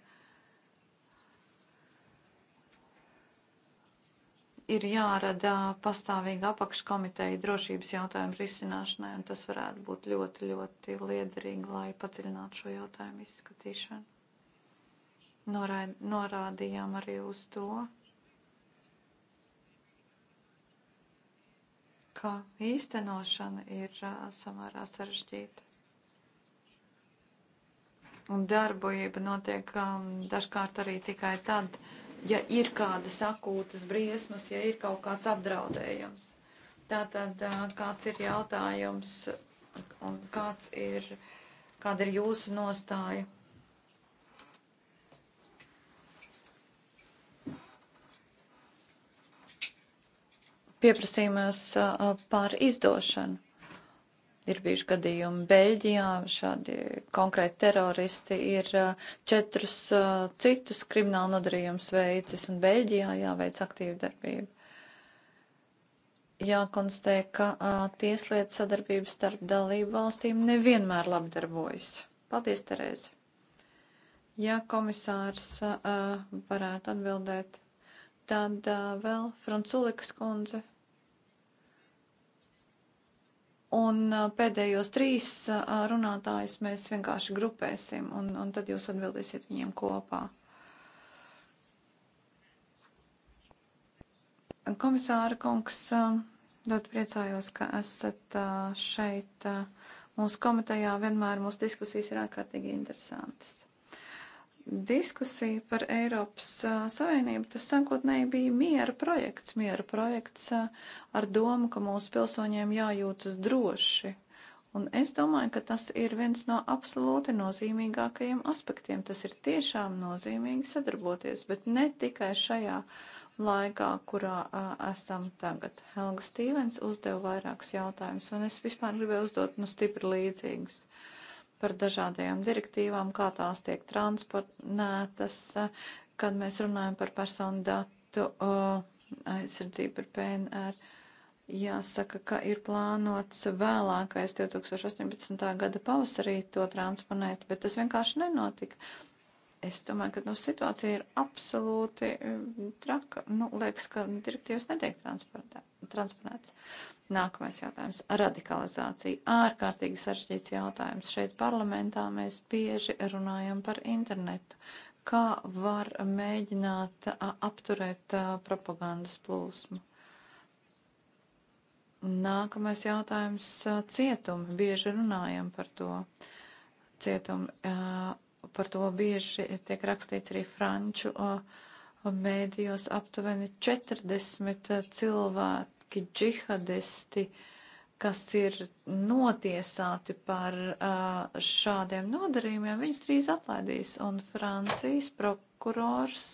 ir jārada pastāvīga apakškomiteja drošības jautājumu risināšanai, un tas varētu būt ļoti, ļoti liederīgi, lai padziļinātu šo jautājumu izskatīšanu. Noraid, norādījām arī uz to, ka īstenošana ir uh, samērā sarežģīta. Un darbojība notiek um, dažkārt arī tikai tad, uh, ja ir kādas akūtas briesmas, ja ir kaut kāds apdraudējums. Tātad, kāds ir jautājums un kāds ir, kāda ir jūsu nostāja? Pieprasījumos par izdošanu. Ir bijuši gadījumi Beļģijā, šādi konkrēti teroristi ir četrus citus kriminālu nodarījumus veicis, un Beļģijā jāveic aktīva darbība. Jākonstatē, ka tieslietu sadarbība starp dalību valstīm nevienmēr labi darbojas. Paldies, Terēzi! Ja komisārs uh, varētu atbildēt, tad uh, vēl Franculikas kundze. Un pēdējos trīs runātājus mēs vienkārši grupēsim, un, un tad jūs atbildēsiet viņiem kopā. Komisāra kungs, ļoti priecājos, ka esat šeit. Mūsu komitejā vienmēr mūsu diskusijas ir ārkārtīgi interesantas diskusija par Eiropas uh, Savienību, tas sākotnēji bija miera projekts, miera projekts uh, ar domu, ka mūsu pilsoņiem jājūtas droši. Un es domāju, ka tas ir viens no absolūti nozīmīgākajiem aspektiem. Tas ir tiešām nozīmīgi sadarboties, bet ne tikai šajā laikā, kurā uh, esam tagad. Helga Stīvens uzdeva vairākus jautājumus, un es vispār gribēju uzdot nu stipri līdzīgus. Uh, par dažādajām direktīvām, kā tās tiek transportētas, kad mēs runājam par personu datu uh, aizsardzību par PNR. Jāsaka, ka ir plānots vēlākais 2018. gada pavasarī to transponēt, bet tas vienkārši nenotika. Es domāju, ka nu, situācija ir absolūti mm, traka. Nu, liekas, ka direktīvas netiek transponētas. Nākamais jautājums - radikalizācija. Ārkārtīgi sarežģīts jautājums. Šeit parlamentā mēs bieži runājam par internetu. Kā var mēģināt apturēt propagandas plūsmu? Nākamais jautājums - cietumi. Bieži runājam par to. Cietumi par to bieži tiek rakstīts arī franču mēdījos, aptuveni 40 cilvēki, džihadisti, kas ir notiesāti par šādiem nodarījumiem, viņus drīz atlaidīs. Un Francijas prokurors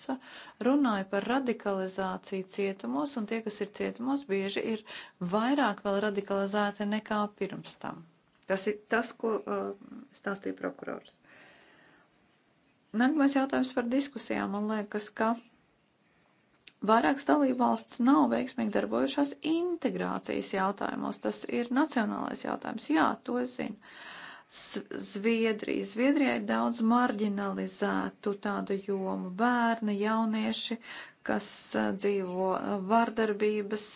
runāja par radikalizāciju cietumos, un tie, kas ir cietumos, bieži ir vairāk vēl radikalizēti nekā pirms tam. Tas ir tas, ko uh, stāstīja prokurors. Uh, Nākamais jautājums par diskusijām. Man liekas, ka vairākas dalībvalsts nav veiksmīgi darbojušās integrācijas jautājumos. Tas ir nacionālais jautājums. Jā, to es zinu. Zviedrija. Zviedrijā ir daudz marginalizētu tādu jomu bērni, jaunieši, kas dzīvo vardarbības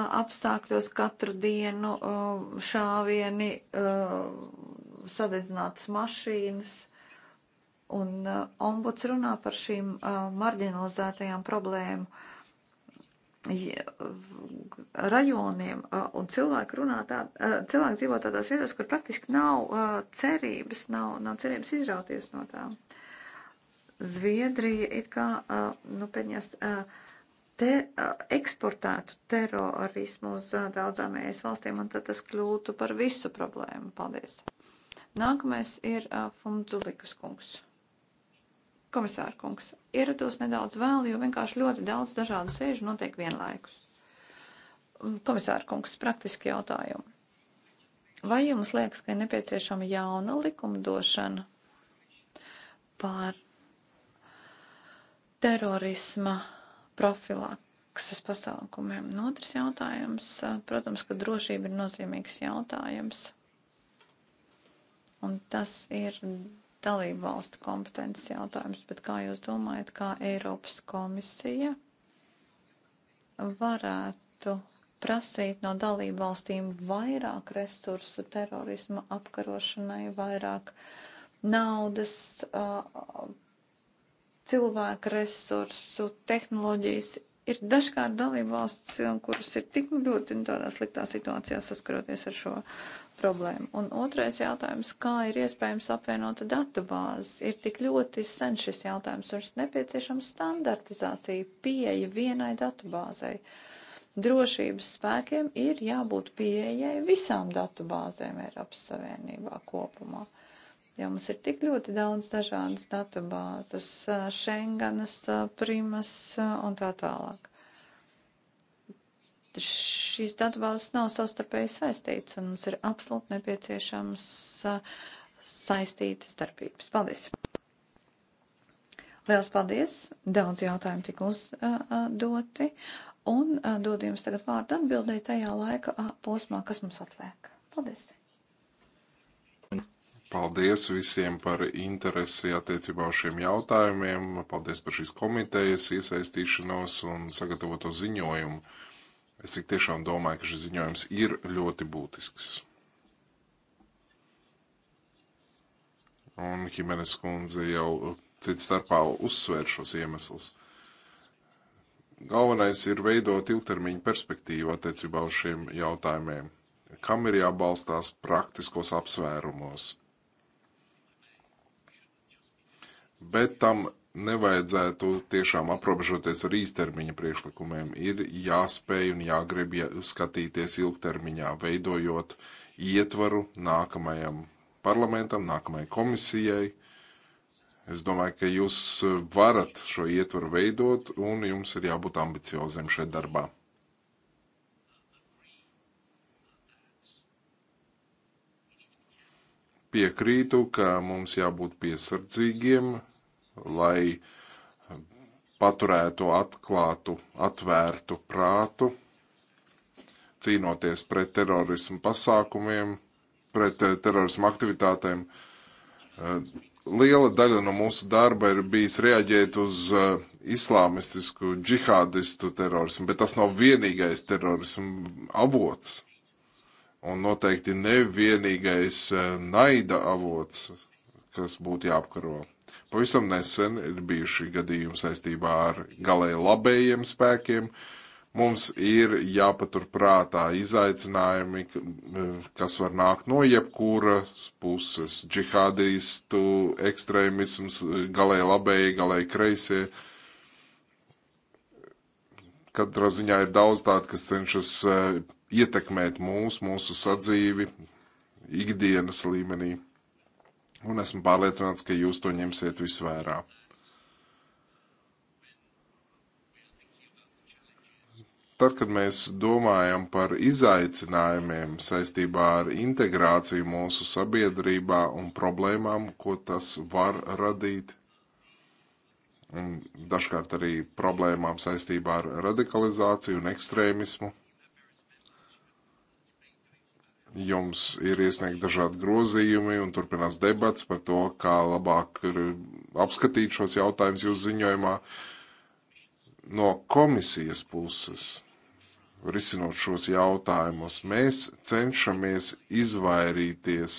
apstākļos katru dienu, šāvieni, sadedzinātas mašīnas. Un uh, ombuds runā par šīm uh, marginalizētajām problēmu ja, rajoniem, uh, un cilvēki, runā tā, uh, cilvēki dzīvo tādās vietās, kur praktiski nav uh, cerības, nav, nav cerības izrauties no tām. Zviedrija it kā, uh, nu, pēdējās. Uh, te uh, eksportētu terorismu uz uh, daudzām ES valstīm, un tad tas kļūtu par visu problēmu. Paldies! Nākamais ir uh, Funzulikas kungs. Komisārkungs ierados nedaudz vēl, jo vienkārši ļoti daudz dažādu sēžu notiek vienlaikus. Komisārkungs, praktiski jautājumi. Vai jums liekas, ka ir nepieciešama jauna likumdošana pār terorisma profilakses pasākumiem? Un nu, otrs jautājums, protams, ka drošība ir nozīmīgs jautājums. Un tas ir dalību valstu kompetences jautājums, bet kā jūs domājat, kā Eiropas komisija varētu prasīt no dalību valstīm vairāk resursu terorisma apkarošanai, vairāk naudas, cilvēku resursu, tehnoloģijas. Ir dažkārt dalību valsts, kuras ir tik ļoti nu, tādā sliktā situācijā saskaroties ar šo problēma. Un otrais jautājums, kā ir iespējams apvienot datu bāzes? Ir tik ļoti sen šis jautājums, un ir nepieciešama standartizācija, pieeja vienai datu bāzei. Drošības spēkiem ir jābūt pieejai visām datu bāzēm Eiropas Savienībā kopumā. Ja mums ir tik ļoti daudz dažādas datu bāzes, Schengenas, Primas un tā tālāk šīs datubāzes nav savstarpēji saistītas, un mums ir absolūti nepieciešams saistītas darbības. Paldies! Liels paldies! Daudz jautājumu tika uzdoti, un dod jums tagad vārdu atbildēt tajā laika posmā, kas mums atliek. Paldies! Paldies visiem par interesi attiecībā uz šiem jautājumiem. Paldies par šīs komitejas iesaistīšanos un sagatavoto ziņojumu. Es tik tiešām domāju, ka šis ziņojums ir ļoti būtisks. Un Himenes kundze jau cits starpā uzsver šos iemeslus. Galvenais ir veidot ilgtermiņu perspektīvu attiecībā uz šiem jautājumiem, kam ir jābalstās praktiskos apsvērumos. Bet tam nevajadzētu tiešām aprobežoties ar īstermiņa priekšlikumiem. Ir jāspēj un jāgrib skatīties ilgtermiņā, veidojot ietvaru nākamajam parlamentam, nākamajai komisijai. Es domāju, ka jūs varat šo ietvaru veidot un jums ir jābūt ambicioziem šajā darbā. Piekrītu, ka mums jābūt piesardzīgiem lai paturētu atklātu, atvērtu prātu, cīnoties pret terorismu pasākumiem, pret eh, terorismu aktivitātēm. Eh, liela daļa no mūsu darba ir bijis reaģēt uz eh, islāmistisku, džihādistu terorismu, bet tas nav vienīgais terorismu avots un noteikti nevienīgais naida avots, kas būtu jāapkaro. Pavisam nesen ir bijuši gadījumi saistībā ar galēji labējiem spēkiem. Mums ir jāpatur prātā izaicinājumi, kas var nākt no jebkuras puses - džihādistu, ekstrēmisms, galēji labēji, galēji kreisie. Katrā ziņā ir daudz tādu, kas cenšas e, ietekmēt mūs, mūsu sadzīvi, ikdienas līmenī un esmu pārliecināts, ka jūs to ņemsiet visvērā. Tad, kad mēs domājam par izaicinājumiem saistībā ar integrāciju mūsu sabiedrībā un problēmām, ko tas var radīt, un dažkārt arī problēmām saistībā ar radikalizāciju un ekstrēmismu, Jums ir iesniegt dažādi grozījumi un turpinās debats par to, kā labāk apskatīt šos jautājumus jūsu ziņojumā. No komisijas puses, risinot šos jautājumus, mēs cenšamies izvairīties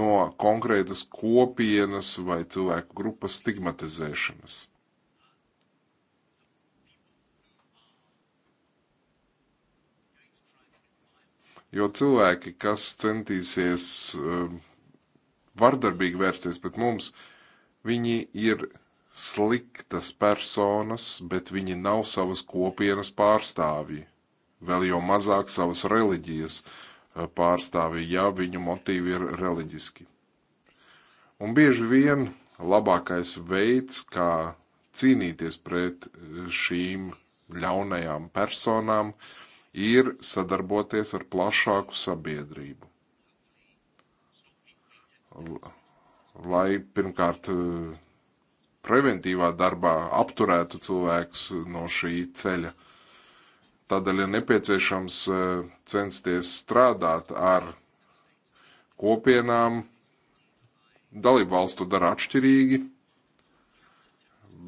no konkrētas kopienas vai cilvēku grupas stigmatizēšanas Jo cilvēki, kas centīsies um, vardarbīgi vērsties pret mums, viņi ir sliktas personas, bet viņi nav savas kopienas pārstāvji, vēl jau mazāk savas reliģijas uh, pārstāvji, ja viņu motīvi ir reliģiski. Un bieži vien labākais veids, kā cīnīties pret uh, šīm ļaunajām personām, uh, ir sadarboties ar plašāku sabiedrību. Lai pirmkārt eh, preventīvā darbā apturētu cilvēkus eh, no šī ceļa. Tādēļ ir nepieciešams eh, censties strādāt ar kopienām. Dalību valstu dara atšķirīgi,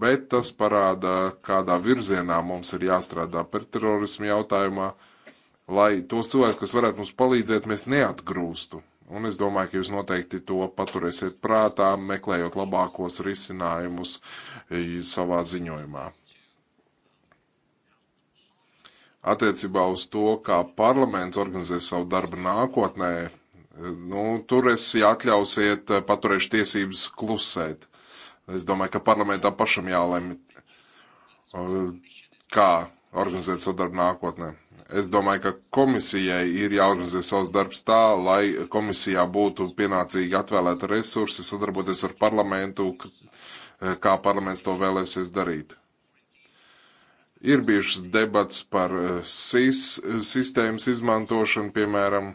bet tas parāda, kādā virzienā mums ir jāstrādā par terorismu jautājumā, lai tos cilvēkus, kas varētu mums palīdzēt, mēs neatgrūstu. Un es domāju, ka jūs noteikti to paturēsiet prātā, meklējot labākos risinājumus e, savā ziņojumā. Attiecībā uz to, kā parlaments organizēs savu darbu nākotnē, e, nu, tur es, ja atļausiet, e, paturēšu tiesības klusēt Es domāju, ka parlamentam pašam jālemj, uh, kā organizēt savu darbu nākotnē. Es domāju, ka komisijai ir jāorganizē savs darbs tā, lai komisijā būtu pienācīgi atvēlēta resursi, sadarboties ar parlamentu, eh, kā parlaments to vēlēsies darīt. Ir bijušas debats par eh, SIS eh, sistēmas izmantošanu, piemēram.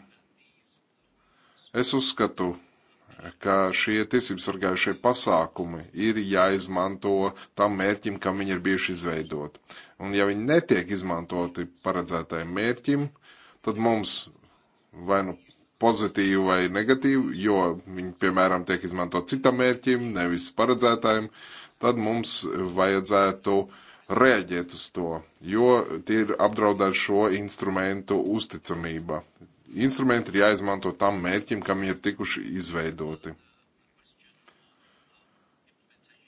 Es uzskatu, ka šie tiesības sargājušie pasākumi ir jāizmanto tam mērķim, kam viņi ir bijuši izveidoti. Un ja viņi netiek izmantoti paredzētajiem mērķim, tad mums vai nu pozitīvi vai negatīvi, jo viņi, piemēram, tiek izmantot citam mērķim, nevis paredzētājiem, tad mums vajadzētu reaģēt uz to, jo tie ir apdraudēti šo instrumentu uzticamība. Instrumenti ir jāizmanto tam mērķim, kam ir tikuši izveidoti.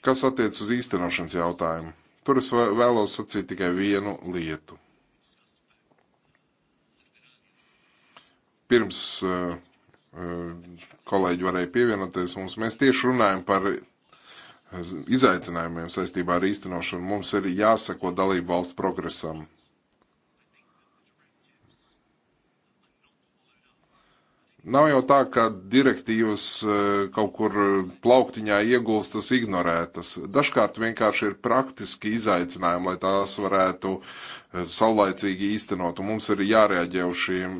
Kas attiec uz īstenošanas jautājumu? Tur es vēlos sacīt tikai vienu lietu. Pirms uh, kolēģi varēja pievienoties mums. Mēs tieši runājam par eh, izaicinājumiem saistībā ar īstenošanu. Mums ir jāsako dalību valstu progresam. Nav jau tā, ka direktīvas e, kaut kur e, plauktiņā iegulstas, ignorētas. Dažkārt vienkārši ir praktiski izaicinājumi, lai tās varētu e, saulaicīgi īstenot, un mums ir jārēģē uz šiem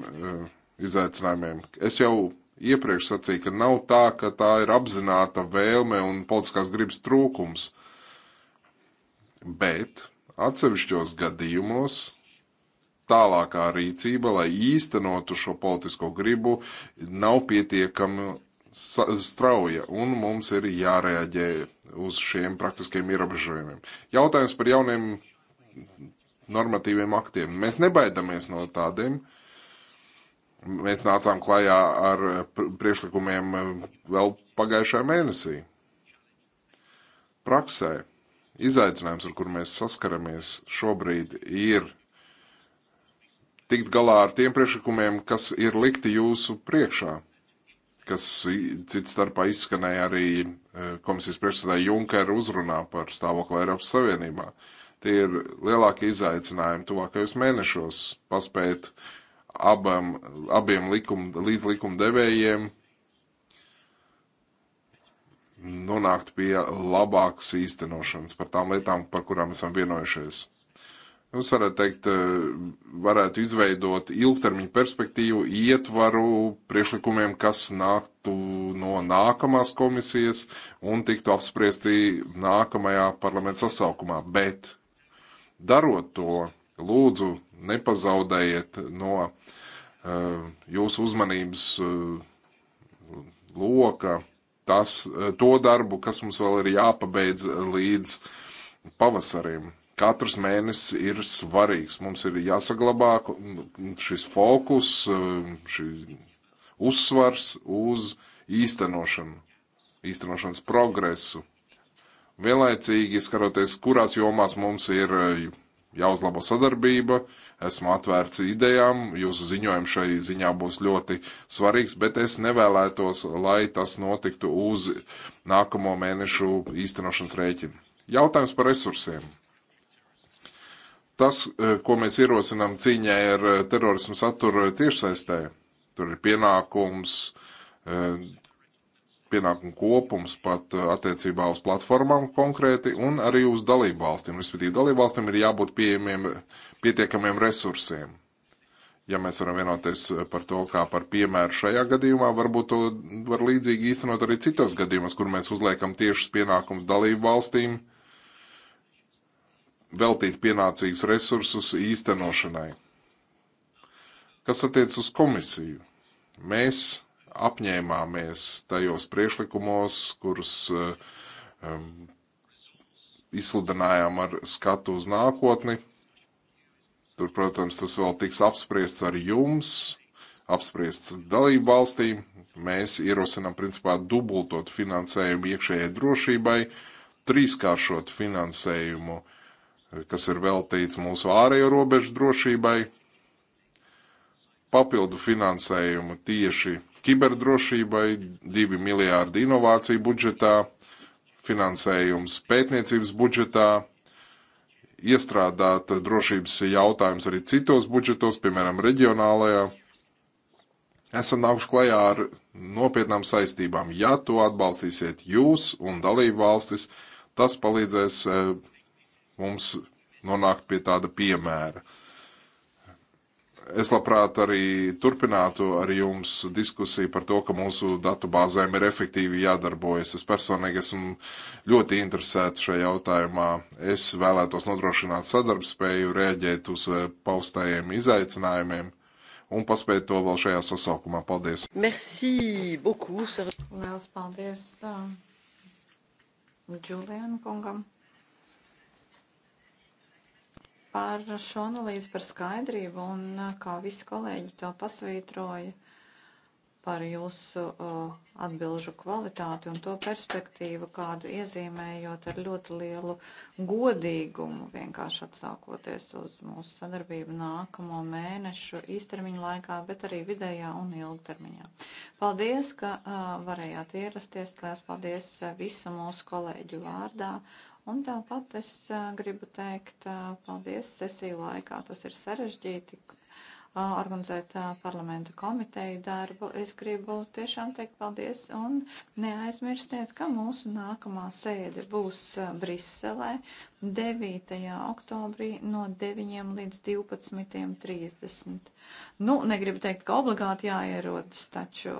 izaicinājumiem. Es jau iepriekš sacīju, ka nav tā, ka tā ir apzināta vēlme un politiskās gribas trūkums, bet atsevišķos gadījumos tālākā rīcība, lai īstenotu šo politisko gribu, nav pietiekami strauja, un mums ir jārēģē uz šiem praktiskiem ierobežojumiem. Jautājums par jauniem normatīviem aktiem. Mēs nebaidamies no tādiem. Mēs nācām klajā ar priekšlikumiem eh, vēl pagājušajā mēnesī. Praksē izaicinājums, ar kur mēs saskaramies šobrīd, ir tikt galā ar tiem priekšlikumiem, kas ir likti jūsu priekšā, kas cits starpā izskanēja arī e, komisijas priekšsēdētāja Junkera uzrunā par stāvokli Eiropas Savienībā. Tie ir lielākie izaicinājumi tuvākajos mēnešos paspēt abam, abiem likum, līdz likumdevējiem nonākt pie labākas īstenošanas par tām lietām, par kurām esam vienojušies. Jūs varētu teikt, eh, varētu izveidot ilgtermiņu perspektīvu, ietvaru priekšlikumiem, kas nāktu no nākamās komisijas un tiktu apspriesti nākamajā parlamenta sasaukumā. Bet darot to, lūdzu, nepazaudējiet no uh, jūsu uzmanības uh, loka tas, uh, to darbu, kas mums vēl ir jāpabeidz līdz pavasarim Katrs mēnesis ir svarīgs. Mums ir jāsaglabā šis fokus, šī uzsvars uz īstenošanu, īstenošanas progresu. Vienlaicīgi skaroties, kurās jomās mums ir e, jāuzlabo sadarbība, esmu atvērts idejām, jūsu ziņojums šai ziņā būs ļoti svarīgs, bet es nevēlētos, lai tas notiktu uz nākamo mēnešu īstenošanas rēķina. Jautājums par resursiem. Tas, eh, ko mēs ierosinām cīņai ar eh, terorismu saturu tiešsaistē, tur ir pienākums, eh, pienākumu kopums pat attiecībā uz platformām konkrēti un arī uz dalību valstīm. Respektīvi, dalību valstīm ir jābūt pieejamiem pietiekamiem resursiem ja mēs varam vienoties par to, kā par piemēru šajā gadījumā, varbūt to var līdzīgi īstenot arī citos gadījumos, kur mēs uzliekam tiešas pienākums dalību valstīm veltīt pienācīgus resursus īstenošanai. Kas attiec uz komisiju? Mēs apņēmāmies tajos priekšlikumos, kurus um, izsludinājām ar skatu uz nākotni. Tur, protams, tas vēl tiks apspriests ar jums, apspriests dalību valstīm. Mēs ierosinām principā dubultot finansējumu iekšējai drošībai, trīskāršot finansējumu uh, kas ir veltīts mūsu ārējo robežu drošībai, papildu finansējumu tieši kiberdrošībai, 2 miljārdi inovāciju budžetā, finansējums pētniecības budžetā, iestrādāt drošības jautājums arī citos budžetos, piemēram, reģionālajā. Esam nākuši klajā ar nopietnām saistībām. Ja to atbalstīsiet jūs un dalību valstis, tas palīdzēs eh, mums nonākt pie tāda piemēra. Es labprāt arī turpinātu ar jums diskusiju par to, ka mūsu datu bāzēm ir efektīvi jādarbojas. Es personīgi esmu ļoti interesēts šajā jautājumā. Es vēlētos nodrošināt sadarbspēju, rēģēt uz eh, paustajiem izaicinājumiem un paspēt to vēl šajā sasaukumā. Paldies! Merci beaucoup! Lielas paldies uh, Julian kungam! par šo analīzi, par skaidrību un uh, kā visi kolēģi to pasvītroja par jūsu uh, atbilžu kvalitāti un to perspektīvu, kādu iezīmējot ar ļoti lielu godīgumu, vienkārši atsākoties uz mūsu sadarbību nākamo mēnešu īstermiņa laikā, bet arī vidējā un ilgtermiņā. Paldies, ka uh, varējāt ierasties, klēs paldies uh, visu mūsu kolēģu vārdā. Uh, Un tāpat es gribu teikt paldies sesiju laikā. Tas ir sarežģīti organizēt parlamenta komiteju darbu. Es gribu tiešām teikt paldies un neaizmirstiet, ka mūsu nākamā sēde būs Briselē 9. oktobrī no 9 līdz 12.30. Nu, negribu teikt, ka obligāti jāierodas, taču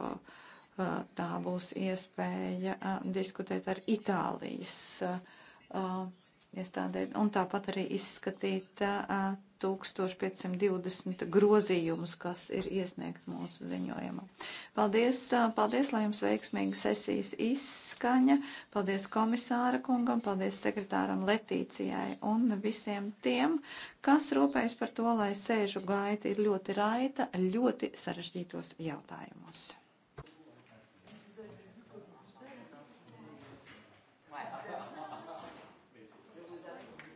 tā būs iespēja diskutēt ar Itālijas uh, iestādē, un tāpat arī izskatīt uh, 1520 grozījumus, kas ir iesniegt mūsu ziņojumā. Paldies, uh, paldies, lai jums veiksmīga sesijas izskaņa. Paldies komisāra kungam, paldies sekretāram Letīcijai un visiem tiem, kas rūpējas par to, lai sēžu gaita ir ļoti raita ļoti sarežģītos jautājumos.